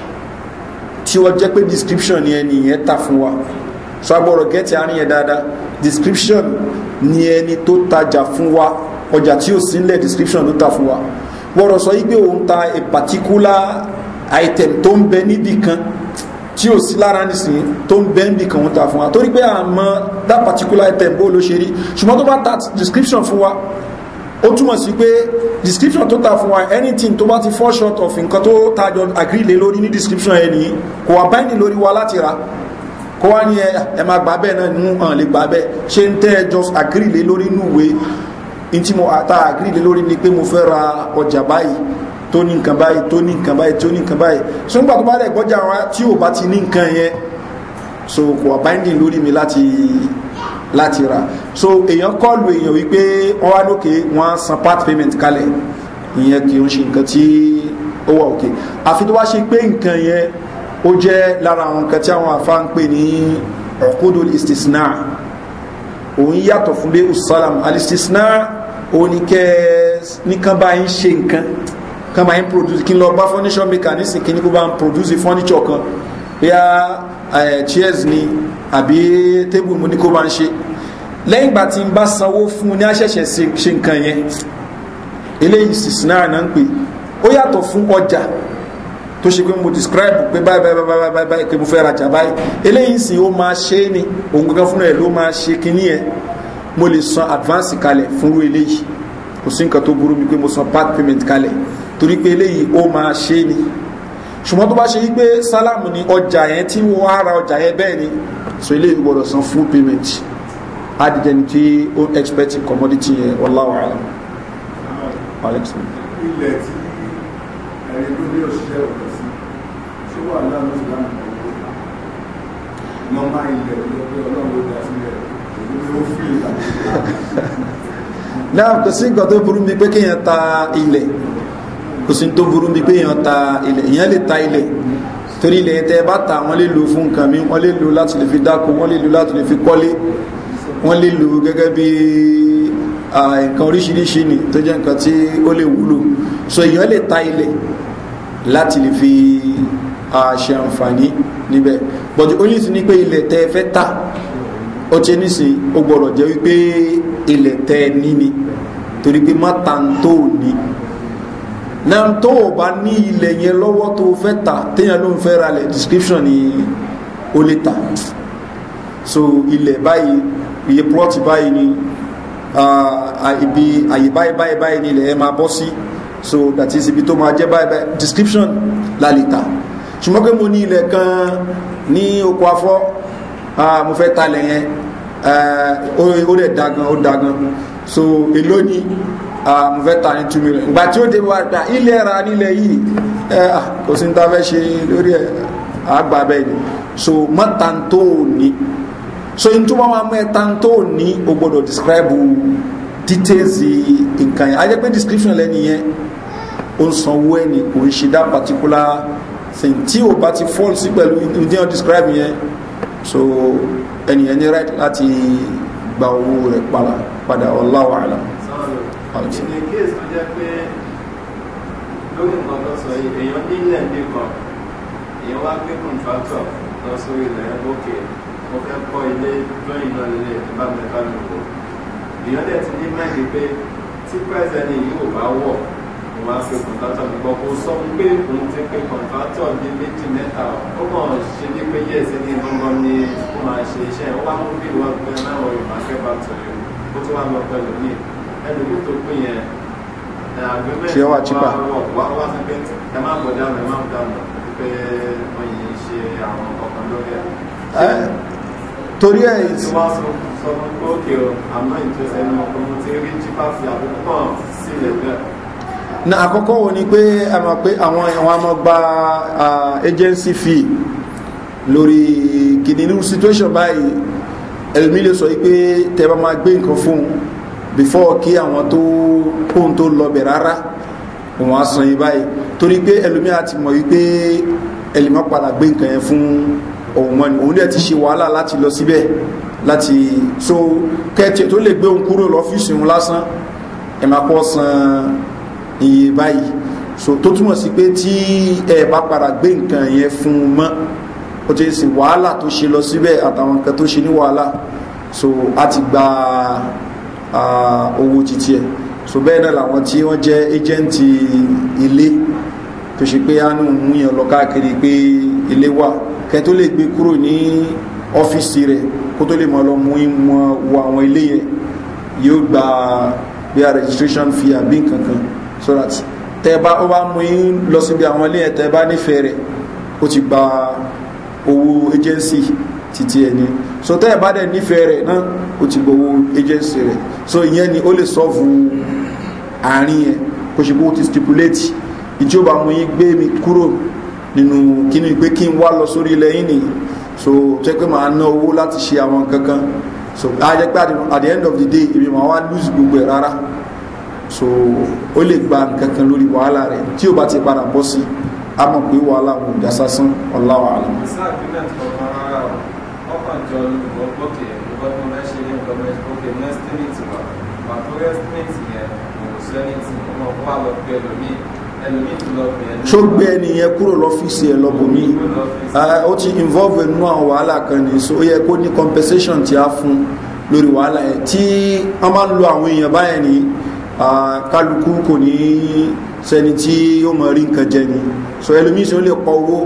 tí wọ́n jẹ́ pé description ni ẹni yẹn ta fún wa so agbọ̀rọ̀ gẹ́tì àárín yẹn dáadáa description ni ẹni tó tajà fún wa ọjà tí ò sí nílẹ̀ description ló ta fún wa gbọ́dọ̀ sọ yí pé òun ta a particular item tó ń bẹ níbì kan tí ò sí lára nísìnyí tó ń bẹ níbì kan òun ta fún wa torí pé àmọ́ that particular item bó ló ṣe rí ṣùgbọ́n tó bá ta description fún wa ó túmọ̀ sí pé description tó ta fún wa anything tó bá ti fall short of nǹkan tó tajọ agree lé lórí ní description ẹ nìyí kò wá báyìí lórí wa láti ra kó wá ní ẹ máa gbà bẹ́ẹ̀ náà nínú hàn lè gbà bẹ́ẹ̀ ṣé ń tẹ́ ẹ just agree lé lórí inú ìwé ntí mo ta agree lé lórí ni pé mo fẹ́ ra ọjà báyìí tó ní nǹkan báyìí tó ní nǹkan báyìí tó ní nǹkan báyìí so nígbà tó bá rẹ̀ gbọ́jà wa tí ò bá ti ní nǹkan yẹn so kò wá báyìí lórí mi láti láti rà so èèyàn kọlu èèyàn wípé wọn wá lókè wọn san part payment kalẹ̀ ìyẹn kì í ṣe nǹkan tí ó wà òkè àfi tó wá ṣe pé nǹkan yẹn ó jẹ́ lára àwọn nǹkan tí àwọn àfa ń pè ní ọ̀kúdùn istisna òun yàtọ̀ fún bẹ́ẹ̀ usalam alistisna òun ní kẹ́ ní kan bá ń ṣe nǹkan kan bá ń produce kí n lọ bá furniture maker nísìnyí kí n kó bá ń produce furniture kan bóyá Eh, chairs ni àbí tébù mu ní kó bá ń ṣe lẹ́yìn ìgbà tí n bá sanwó fún un ní àṣẹ̀ṣẹ̀ ṣe nǹkan yẹn eléyìí sísìnà náà ń pè ó yàtọ̀ fún ọjà tó ṣe pé mo describe pé báyìí báyìí báyìí báyìí báyìí pé mo fẹ́ rajà báyìí eléyìí sì ó máa ṣe é ni òun gangan fúnra ẹ̀ ló máa ṣe kinní yẹn mo lè san advance kalẹ̀ fúnrú eléyìí kò sí nǹkan tó burú mi pé mo san part payment kalẹ̀ torí pé eléyìí ó máa ṣe é ni ṣùgbọ́n tó bá ṣe wípé sálàmù ni ọjà yẹn tí wọ́n á ra ọjà yẹn bẹ́ẹ̀ ni so ilé ìgbọ̀dọ̀ san full payment adìjẹ ni kí ó expect commodity yẹn wallahu alam. ilẹ̀ tí ẹni tó ní òṣìṣẹ́ ọ̀dọ̀ sí ṣé wà láàrín ìlànà ìlú nọ́mbà ilẹ̀ ìlọ́pẹ́ ọlọ́run ó dá sílẹ̀ èyí tó fi ìlànà náà kò sí nǹkan tó burú mi pé kéèyàn ta ilẹ̀ kò sí tó burú bíi pé èèyàn ta ilẹ̀ èèyàn lè ta ilẹ̀ torí ilẹ̀ tẹ́ bá ta wọ́n lè lò fún nǹkan mi wọ́n lè lò láti lè fi dáko wọ́n lè lò láti lè fi kọ́lé wọ́n lè lò gẹ́gẹ́ bí nǹkan oríṣiríṣi ni tó jẹ́ nǹkan tí ó lè wúlò so èèyàn lè ta ilẹ̀ láti lè fi ṣe àǹfààní níbẹ̀ but the only thing ni pé ilẹ̀ tẹ́ fẹ́ ta ó ti nísìn ó gbọ́dọ̀ jẹ́ wípé ilẹ̀ tẹ́ ní ni torí pé má ta ń tó ní náà tó o bá ní ilẹ̀ yẹn lọ́wọ́ tó o fẹ́ ta téèyàn ló ń fẹ́ ra lẹ̀ description ni o lè ta so ilẹ̀ báyìí iye plot báyìí ni ah, ah, ibi àyè báyìí báyìí báyìí ni ilẹ̀ yẹn máa bọ́ sí so that is ibi tó máa jẹ́ báyìí báyìí description la lè ta ṣùgbọ́n pé mo ní ilẹ̀ kan ní oko afọ́ ah, mo fẹ́ ta lẹ̀ yẹn eh, ó dẹ̀ da gan ó da gan so èló ni. Ah, mo fẹ́ ta ní two million ìgbà tí ó dé wá gba ilẹ̀ ra nílẹ̀ yìí eh, ah, kò sí ní ta fẹ́ ṣe lórí ẹ̀ àgbà bẹ́ẹ̀ ni so mọ́ta tó ní so n tó bá mọ́ ẹ̀ta tó ní o gbọ́dọ̀ describe details nǹkan yẹn a jẹ́ pé description lẹ́ni yẹn ó ń sanwó ẹni kò ń ṣe dá particular thing tí o bá ti fall sí pẹ̀lú ìdíyàn describe yẹn so ẹnìyẹn ní right láti gba owó rẹ̀ padà wallahu a'lam out. in a case tó jẹ́ pé lórí nǹkan tó sọ yìí èèyàn nílẹ̀ nìkan èèyàn wá gbé contractor lọ sórí ilẹ̀ ókè mo fẹ́ kọ́ ilé lóyìn náà lélẹ̀ bá mi bá mi wò èèyàn dẹ̀ ti ní mẹ́rin pé tí pẹ́sẹ́ni yìí ò bá wọ̀ mo máa pe contractor mi gbọ́ kó sọ pé òun ti pe contractor ní méjì mẹ́ta ó kàn ṣe ní pé yẹ́ ẹ̀sẹ̀ ní gbọ́ngàn ni ó máa ṣe iṣẹ́ ó wá mú bí ìwà gbé náà wọ ìbáfẹ́ bá tọ̀ yìí ó tún wá lọ pẹ̀lú míì ẹlòmí tó pín yẹn tí ó wà chipa wà wá sí pé ẹ má bọ̀ dáná ẹ má bọ̀ dáná pé torí ẹ̀ ìtì. o na àkọ́kọ́ wo ni pé a pé àwọn àwọn ọmọ gba agency fee lórí kìnìún situation báyìí ẹlòmí lè sọ pé tẹ bá máa gbé nǹkan fún un before kí àwọn tó kóhun tó lọbẹ̀ rárá òun á san yín báyìí torí pé ẹlòmíà ti mọ̀ wípé ẹlòmíà padà gbé nǹkan yẹn fún òun mọ́ni òun dẹ̀ ti ṣe wàhálà láti lọ síbẹ̀ láti so kẹ́tì tó lè gbé òun kúrò lọ́fíìsì òun lásán ẹ̀ máa pọ̀ san iye báyìí so tó túmọ̀ sí pé tí ẹ bá padà gbé nǹkan yẹn fún un mọ́ ó ti sìn wàhálà tó ṣe lọ síbẹ̀ àtàwọn nǹkan tó ṣe ní wàhálà so a ti gba owó titi, ẹ̀ so bẹ́ẹ̀ náà làwọn tí wọ́n jẹ́ ẹjẹ́ǹtì ilé tó ṣe pé àánú mú yàn lọ káàkiri pé ilé wà kẹ tó lè gbé kúrò ní ọ́fíìsì rẹ̀ kó tó lè mọ̀ lọ mú ìmọ̀ wo àwọn ilé yẹn yóò gba bí i registration fee àbí nǹkan kan so that tẹ́ẹ̀bá ó bá mú yín lọ síbi àwọn ilé yẹn tẹ́ẹ̀bá nífẹ̀ẹ́ rẹ̀ ó ti gba owó agency títí ẹni so tẹ́ ẹ̀ bá dẹ̀ nífẹ̀ẹ́ rẹ̀ náà ó ti gbowó agency rẹ̀ so ìyẹn ni ó lè sọ́ọ̀fù àárín yẹn kò ṣe bó ti stipulate ìjọ bá mú yín gbé mi kúrò nínú kíni pé kí n wá lọ sórí ilẹ̀ yín nìyí so jẹ́ pé màá ná owó láti ṣe àwọn kankan so a jẹ́ pé at the end of the day èmi màá wá lose gbogbo ẹ̀ rárá so ó lè gba kankan lórí wàhálà rẹ̀ tí ó bá ti padà bọ́ sí a mọ̀ pé wàhálà wọn já sásán ọ̀la ọkàn jọ olùkọ́ gbókè olùkọ́ tó bá ṣe ní nǹkan mẹ́sì gbókè ní ẹ́stímẹ́tì wa pàtó ẹ́stímẹ́tì yẹn kò sẹ́nìtì ọmọ kó wà lọ pé ẹlòmíì ṣó gbé kúrò lọ́fíìsì ẹ̀ lọ́bùnmí ah, ó ti involve nínú àwọn wàhálà kan ní so ó yẹ kó ní compensation tí a fún lórí wàhálà ẹ̀ tí wọ́n máa ń lo àwọn èèyàn báyẹn ní ah, kálukú kò ní sẹni tí yóò mọ̀ rí nǹkan jẹ ni so ẹlòmíì sì ó lè pọ owó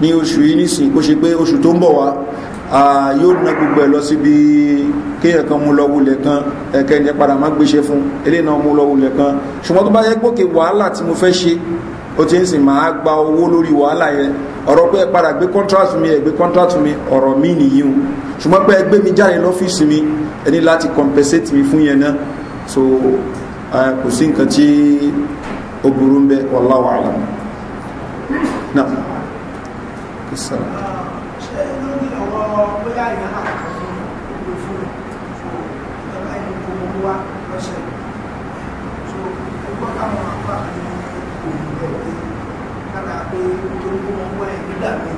ní oṣù yìí nísìn kó ṣe pé oṣù tó ń bọ̀ wá yóò na gbogbo ẹ̀ lọ síbi kéèyàn kan mú lọ wulẹ̀ kan ẹ̀kẹ́ ní padà má gbéṣẹ́ fún eléyìí náà mú lọ wulẹ̀ kan ṣùgbọ́n tó bá yẹ gbókè wàhálà tí mo fẹ́ ṣe ó ti ń sìn máa gba owó lórí wàhálà yẹn ọ̀rọ̀ pé ẹ padà gbé contract mi ẹ gbé contract mi ọ̀rọ̀ mi nìyí o ṣùgbọ́n pé ẹ gbé mi jáde lọ́fíìsì mi ẹ ní láti compensate mi fún yẹn náà so kò sí nǹkan tí ó burú ń bẹ wallahu a'lam náà kìsàlá. wá lọ́sẹ̀ so ẹgbọ́n káwọn àpá ní òun bẹ̀rẹ̀ pé lára pé nítorí pé wọ́n wá ẹ̀mí gbà mí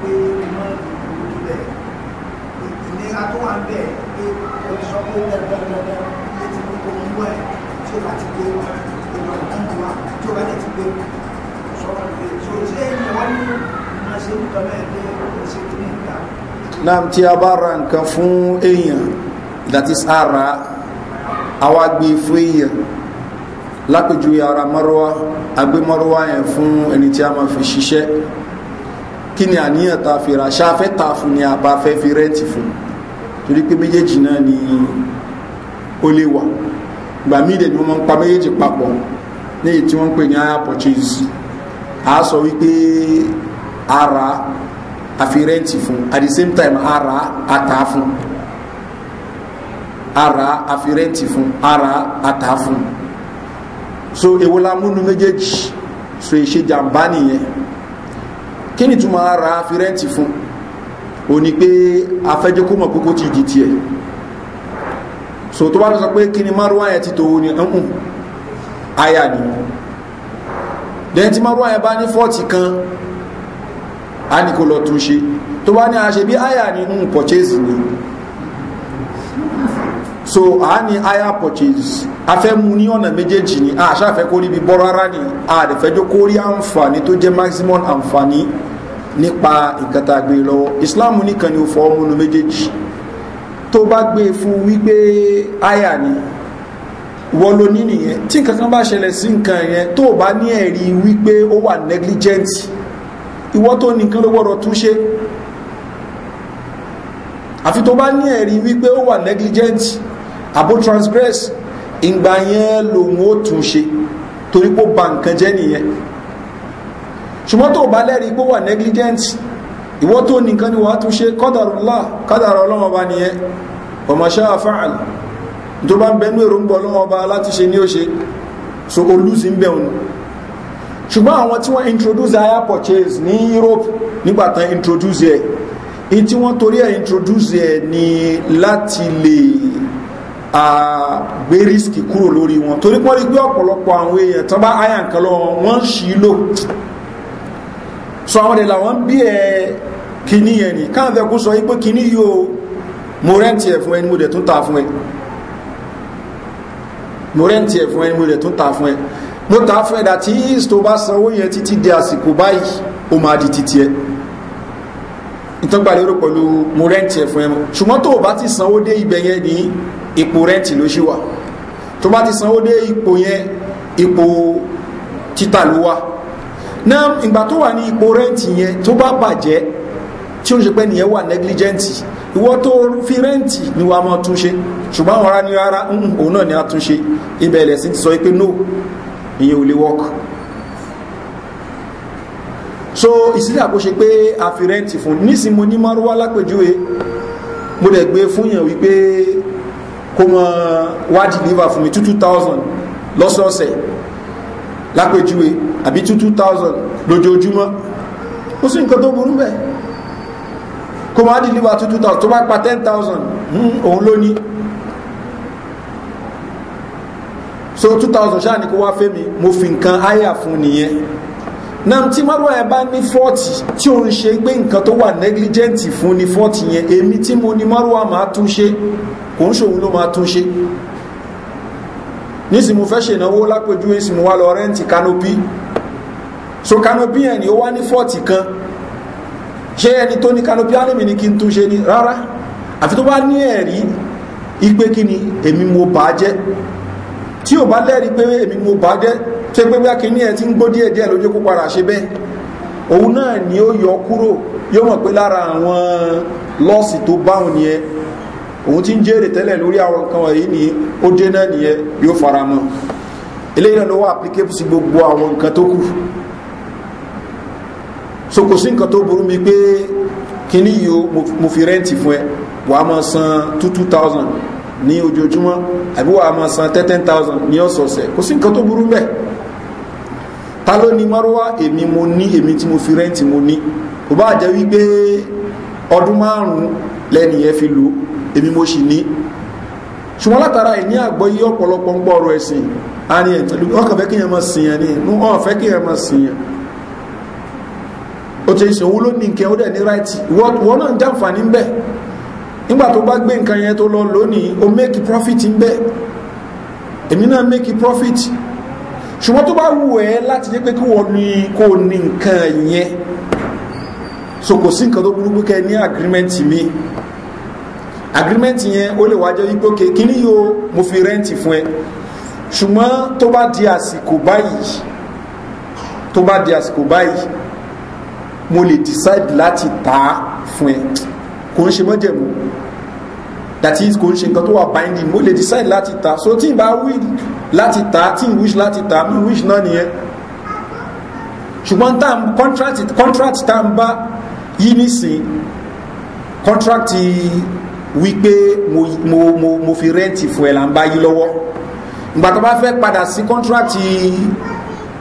pé kí wọ́n lò ó bẹ̀ pé ìlera tó wà bẹ̀ pé o ti sọ pé dẹ́gbẹ́dẹ́gbẹ́ létí pé kò ń tí o bá ti gbé ìwà ìdíje wa tí o bá ti gbé sọ̀rọ̀ rẹ̀ so ṣé ìwọ́n ní máa ṣe ń tọ́lẹ̀ ní ọ̀sẹ̀ kìíní ìta. náà tí a bá ra nǹkan fún èèyàn that is ara àwa gbé fún èèyàn lápèjúwe ara mọ́rọ́wá agbé mọ́rọ́wá yẹn fún ẹni tí a máa fi ṣiṣẹ́ kí ni àníyàn ta fi ra ṣá fẹ́ ta fún ni àbá fẹ́ fi rẹ́ǹtì fún torí pé méjèèjì náà ni ó lè wà gbà míì dẹ̀ ni wọ́n máa ń pa méjèèjì papọ̀ ní èyí tí wọ́n ń pè ní hire purchase a sọ wípé ara àfi rẹ́ǹtì fún at the same time ara àtà fún un ara afirẹ́ǹtì fún ara ata fún so èwo la múnu méjèèjì so èṣe jàǹbá nìyẹn kí ni túmọ̀ ara afirẹ́ǹtì fún o ní pé afẹ́jọ́ kó mọ̀ ti di tiẹ̀ so tó bá lọ sọ pé kí ni márùn-ún àyẹ̀ ti tòun ni ǹkùn aya ni lẹ́yìn tí márùn-ún àyẹ̀ bá ní kan a ní kó lọ tún ṣe tó bá ní a ṣe bí aya ni ń pọ̀chẹ́sì ni so a ní higher purchase afẹ́ mu ní ọ̀nà méjèèjì ni a ṣàfẹ́ kó ríbi bọ́rọ̀ ara ni a lè fẹ́ jó kó rí àǹfààní maximum àǹfààní nípa nǹkan tá a gbé lọ́wọ́ islam ni ó fọ ọmọ nu méjèèjì tó bá gbé e fún wípé aya ni wọ́n ló ní nìyẹn tí nǹkan kan bá ṣẹlẹ̀ sí nǹkan yẹn tó bá ní ẹ̀rí wípé ó wà negligent ìwọ́ tó nìkan ló gbọ́dọ̀ túnṣe àfi tó bá ní ẹ̀rí wípé ó wà negligent àbó transgress ìgbà yẹn lòun ó tún ṣe torí pé ó ba nǹkan jẹ́ nìyẹn ṣùgbọ́n tó bá lẹ́rìí pé wà negligent ìwọ́ tó nìkan ni wàá tún ṣe kọ́dàrúlá kádàrá ọlọ́wọ́n bá nìyẹn ọmọṣẹ́ àfáàl tó bá ń bẹnú èròǹgbọ̀ ọlọ́wọ́n bá láti ṣe ní ó ṣe so olùsí ń bẹ̀rù ṣùgbọ́n àwọn tí wọ́n introduce higher purchase ní Europe nígbà tán introduce ẹ̀ tí wọ́n torí ẹ̀ introduce ẹ̀ ni láti lè gbé rísìkì kúrò lórí wọn torí pọ́n rí pé ọ̀pọ̀lọpọ̀ àwọn èèyàn tán bá áyà nǹkan lọ wọ́n ń ṣì lò so àwọn ọ̀dẹ̀ làwọn bí ẹ kíní yẹn ni káàfẹ́ kó sọ pé kíní yóò mo rẹ́ǹtì ẹ̀ fún ẹni mo dẹ̀ tún ta fún ẹ mo rẹ́ǹtì ẹ̀ fún ẹni mo dẹ̀ tún ta fún ẹ mo ta fún ẹ dàtí tó bá sanwó yẹn títí di àsìkò báyìí ó máa di títí ẹ ìtọ́gbà lérò pẹ̀lú mo rẹ́ǹtì ẹ̀ fún ẹ mọ́ ṣùgbọ́n tó o bá ti sanwó dé ibẹ̀ yẹn ní ipò rẹ́ǹtì ló ṣì wà tó bá ti sanwó dé ipò yẹn ipò títà ló wà náà ìgbà tó wà ní ipò rẹ́ǹtì yẹn tó bá bàjẹ́ tí ó ń ṣe pé nìyẹn wà negligent ìwọ tó fi rẹ́ǹtì ni wàá mọ́ túnṣe ṣùgbọ́n àwọn ará ní rárá òun náà ni a túnṣe ibẹ̀ ẹ̀lẹ́sìn ti sọ pé no ìyẹn ò lè wọ́ọ̀kù so ìsílẹ̀ àkóṣe pé a fi rẹ́ǹtì fún nísìn mo ní márúwá lápèjúwe mo dẹ̀ gbé fún yàn wípé kó mọ wá deliver fún mi two two thousand lọ́sọ̀ọ̀sẹ̀ lápèjúwe àbí two two thousand lójoojúmọ́ ó sì nǹkan tó burú bẹ́ẹ̀ kó mọ wá deliver two two thousand tó bá pa ten thousand hmm, òun ló ní so two thousand ṣáà ni kó wá fẹ́ mi mo fi nǹkan áyà fún nìyẹn náà tí márùn ẹ̀ bá ní fọ́ọ̀tì tí ó ń ṣe gbé nǹkan tó wà negligent fún ní fọ́ọ̀tì yẹn èmi tí mo ní márùn ẹ̀ máa tún ṣe kò ń ṣòun ló máa tún ṣe nísìn mo fẹ́ ṣe lápẹjú ìsìn mo wá lọ rẹ́ǹtì kanopi so kanopi yẹn ni ó wá ní fọ́ọ̀tì kan ṣé ẹni tó ní kanopi ánìmí ni kí n tún ṣe ni rárá àfi tó bá ní ẹ̀rí ipe kí ni èmi mo bàá jẹ́ tí ò bá lẹ́rìí pé èmi mo bàá jẹ́ tó yẹ pé bí akíní ẹ ti ń gbó díẹ̀ díẹ̀ lójú kó padà ṣe bẹ́ẹ̀ òun náà ni ó yọ kúrò yóò mọ̀ pé lára àwọn lọ́ọ̀sì tó báwọn nìyẹn òun ti ń jèrè tẹ́lẹ̀ lórí àwọn nǹkan wọ̀nyí ni ó dé náà nìyẹn yóò fara mọ́ eléyìí náà ló wà applicable sí gbogbo àwọn nǹkan tó kù so kò sí nǹkan tó burú mi pé kíní yìí ó mo fi rẹ́ǹtì fún ẹ wàá máa san two two thousand ní ojoojúmọ́ àbí wàá máa san ten ten thousand ní ọ̀sọ̀ọ̀sẹ̀ kò sí nǹkan tó burú bẹ́ẹ̀ ta ló ní mọ́rọ́wá èmi mo ní èmi tí mo fi rẹ́ǹtì mo ní kò bá jẹ́ wípé ọdún márùn-ún lẹ́ni yẹn fi lu èmi mo sì ní ṣùgbọ́n látara ìní àgbọ́yé ọ̀pọ̀lọpọ̀ ń gbọ́ ọ̀rọ̀ ẹ̀sìn àní ẹ̀tọ́lú ọkàn fẹ́ kí yẹn máa sìn yẹn ní inú ọ̀n fẹ́ kí yẹn máa sìn yẹn ó ti ṣòwò ló ní nǹkan ó dẹ̀ ní ráìtì wọ́n náà ń jàǹfààní ń bẹ̀ nígbà tó bá gbé nǹkan yẹn tó lọ lónìí ó make profit ń bẹ̀ èmi náà make profit ṣùgbọ́n tó bá wù ẹ́ láti jẹ́ pé kí wọ́n ní kó ní nǹkan yẹn so kò sí nǹkan tó burú pé ní agreement mi agreement yẹn ó lè wájọ́ yí pé òkè kí ni yóò mo fi rẹ́ǹtì fún ẹ ṣùgbọ́n tó bá di àsìkò báyìí tó bá di àsìkò báyìí mo lè decide láti tà á fún ẹ kò ń ṣe mọ́jẹ̀mú that is kò ń ṣe nǹkan tó wà binding mo lè decide láti ta so tí n bá will láti ta tí n wish láti ta mo wish náà nìyẹn ṣùgbọ́n tá contract contract tá n bá yí nísìn contract wípé mo mo mo mo fi rẹ́ǹtì fún ẹ̀ là ń bá yí lọ́wọ́ ìgbà tó bá fẹ́ padà sí contract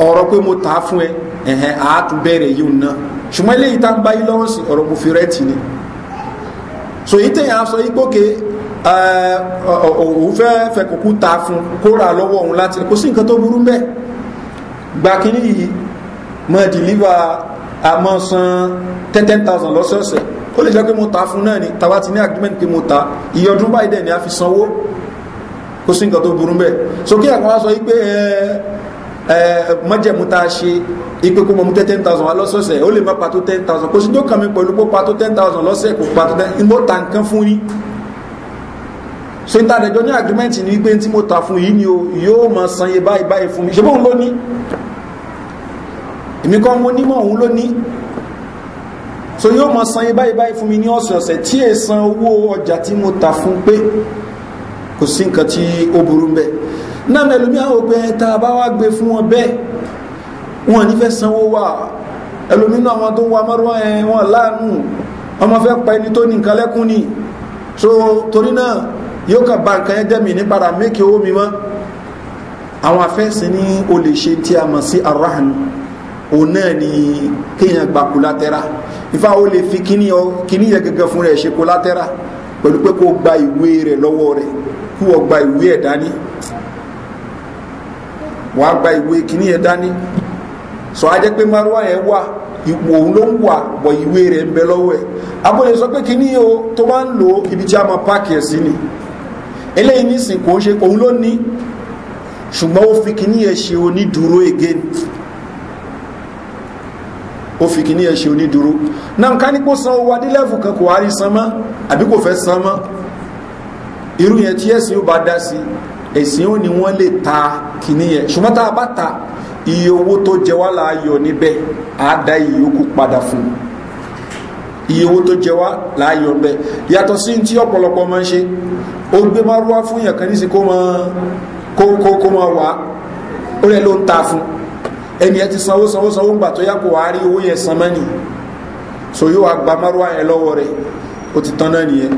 ọ̀rọ̀ pé mo ta fún ẹ ẹ̀hẹ̀n àátú bẹ̀rẹ̀ yíò náà ṣùgbọ́n eléyìí tá ń bá yí lọ́wọ́ sí ọ̀rọ̀ mo fi rẹ́ǹtì ni so yìí tẹ̀yìn aṣọ yìí gbókè òun fẹ́ fẹ̀kùkú ta fún kó rà lọ́wọ́ òun láti kò sí nǹkan tó burú mbẹ́ gba yìí mọ́ dìlíva àmọ́ san ten thousand lọ́sọ̀ọ̀sẹ̀ ó lè jẹ́ pé mo ta fún náà ni tàbá ti ní agreement pé mo ta iye báyìí dẹ̀ ni a fi sanwó kò sí nǹkan tó burú mbẹ́ so kí àwọn sọ wípé mọ́jẹ̀mú tá ṣe ipe kó mọ mú ten thousand wá lọ́sọ̀ọ̀sẹ̀ ó lè má pa tó ten thousand kò sí tó kàn mí pẹ̀lú kó pa tó ten thousand lọ́sẹ̀ kò pa tó ten mo ta nǹkan fún yín so n tàdẹ̀jọ́ ní agreement ní wípé tí mo ta fún yìí ni o yóò mọ̀ sanye báyìí báyìí fún mi ṣe bóun ló ní èmi kan mo nímọ̀ òun ló ní so yóò mọ̀ sanye báyìí báyìí fún mi ní ọ̀sẹ̀ọ̀sẹ̀ tí è san owó ọjà tí mo ta fún pé kò sí nǹkan tí ó burú bẹ́ẹ̀ náà mẹ́lòmí àwọn obìnrin tá a bá wá gbé fún wọn bẹ́ẹ̀ wọn ní fẹ́ sanwó wà ẹlòmínú àwọn tó wà mọ́rún ẹ̀ wọn láàánú ọmọ fẹ́ pa ẹni tó ní nǹkan lẹ́kún ni so torí náà yóò kàn bá nǹkan yẹn jẹ́mi ní padà mékè owó mi mọ́ àwọn afẹ́sìn ní o lè ṣe tí a mọ̀ sí arahan òun náà ni kéèyàn gba kólátẹ́rà ìfá o lè fi kíní yẹn gẹ́gẹ́ fún rẹ̀ ṣe kólátẹ́rà pẹ̀lú pé kó gba ìwé rẹ̀ lọ́wọ́ rẹ̀ kí wọ́n gba ìwé ẹ̀ dání wọ́n á gba ìwé kíní yẹn dání sọ ajẹ́ pé márùwá yẹn wà ipò òun ló ń wà bọ̀ ìwé rẹ̀ ń bẹ lọ́wọ́ ẹ̀ abọ́lẹ̀ sọ pé kíní o tó bá ń lo ibi tí a máa páàkì ẹ̀ sí ni eléyìí nísìn kò ń ṣe òun ló ní ṣùgbọ́n ó fi kíní ẹ̀ ṣe onídùúró again ó fi kíní ẹ̀ ṣe onídùúró náà ká ní kó san owó adílẹ́fù kan kò wá san mọ́ àbí kò fẹ́ san mọ́ irú yẹn tí ẹ̀sìn ó bá dá sí ẹ̀sìn ó ní wọ́n lè ta kíní yẹn ṣùgbọ́n tá a bá ta iye owó tó jẹ wá la níbẹ̀ á dá iye yòókù padà fún iye owó tó jẹ wá la yọ níbẹ̀ yàtọ̀ sí ti ọ̀pọ̀lọpọ̀ máa ń ṣe ó gbé márúwá fún yàn kan níṣe kó máa wà ó rẹ̀ ló ń ta fún ẹni ẹ ti sanwó sanwó sanwó ń gbà tó yá kó wàá rí owó yẹn san mọ́nì so yóò wá gba yẹn lọ́wọ́ rẹ̀ ó ti tán náà nìyẹn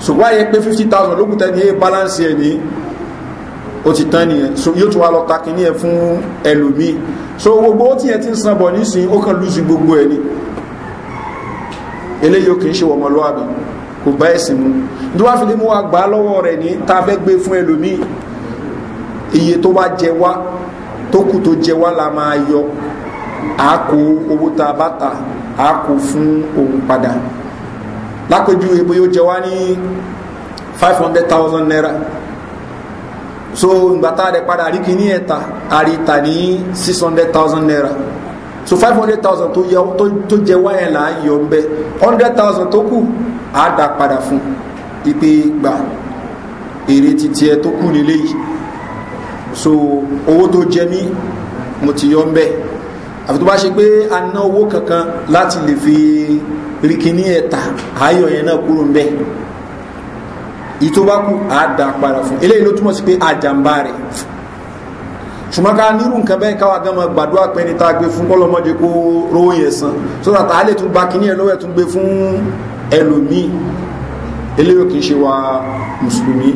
ṣùgbọ́n àyẹ pé fifty thousand lókùn balance ẹ̀ ní ó ti tán nìyẹn so yóò tún wá lọ ta kínní ẹ̀ fún ẹlòmíì so gbogbo ó tiẹ̀ ti ń san bọ̀ nísìnyí ó kàn lùsì gbogbo ẹ̀ ni eléyìí ó kì ṣe wọ̀mọ̀lúwàbí kò bá ẹ̀sìn mu ní wàá fi lè mú wa gbà á lọ́wọ́ rẹ̀ ní tá a fẹ́ gbé fún ẹlòmíì iye tó bá jẹ wá tó kù tó jẹ wá la máa yọ á kó owó tá a bá ta fún òun padà lápẹjù ìbò yóò jẹ wá ní five hundred thousand naira so ìgbà tá a rẹ̀ padà àríkì ní ẹ̀ta àríta ní six hundred thousand naira so five hundred thousand tó jẹ wá ẹ̀ là á yọ ń bẹ hundred thousand tó kù á dá padà fún ipe gbà èrè titi ẹ tó kù nílé yìí so owó tó jẹ mí mo ti yọ ń bẹ àfi tó bá ṣe pé a ná owó kankan láti lè fi rí kíní ẹ̀ ta ayọ̀ yẹn náà kúrò ń bẹ yìí tó bá kù á dá padà fún eléyìí ló túmọ̀ sí pé àjàmbá rẹ̀ ṣùgbọ́n nírú nǹkan bẹ́ẹ̀ káwà gánmọ̀ gbàdúrà pé ní ta gbé fún kọ́lọ́mọ́jẹ kó rówó yẹn san sódà tá tún gba kíní ẹ̀ lọ́wọ́ ẹ̀ tún gbé fún ẹlòmíì eléyò kìí ṣe wa mùsùlùmí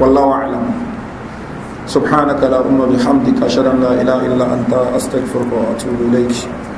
wallahu a'lam subhanaka allahumma bihamdika ashhadu an la ilaha illa anta astaghfiruka wa atubu ilayk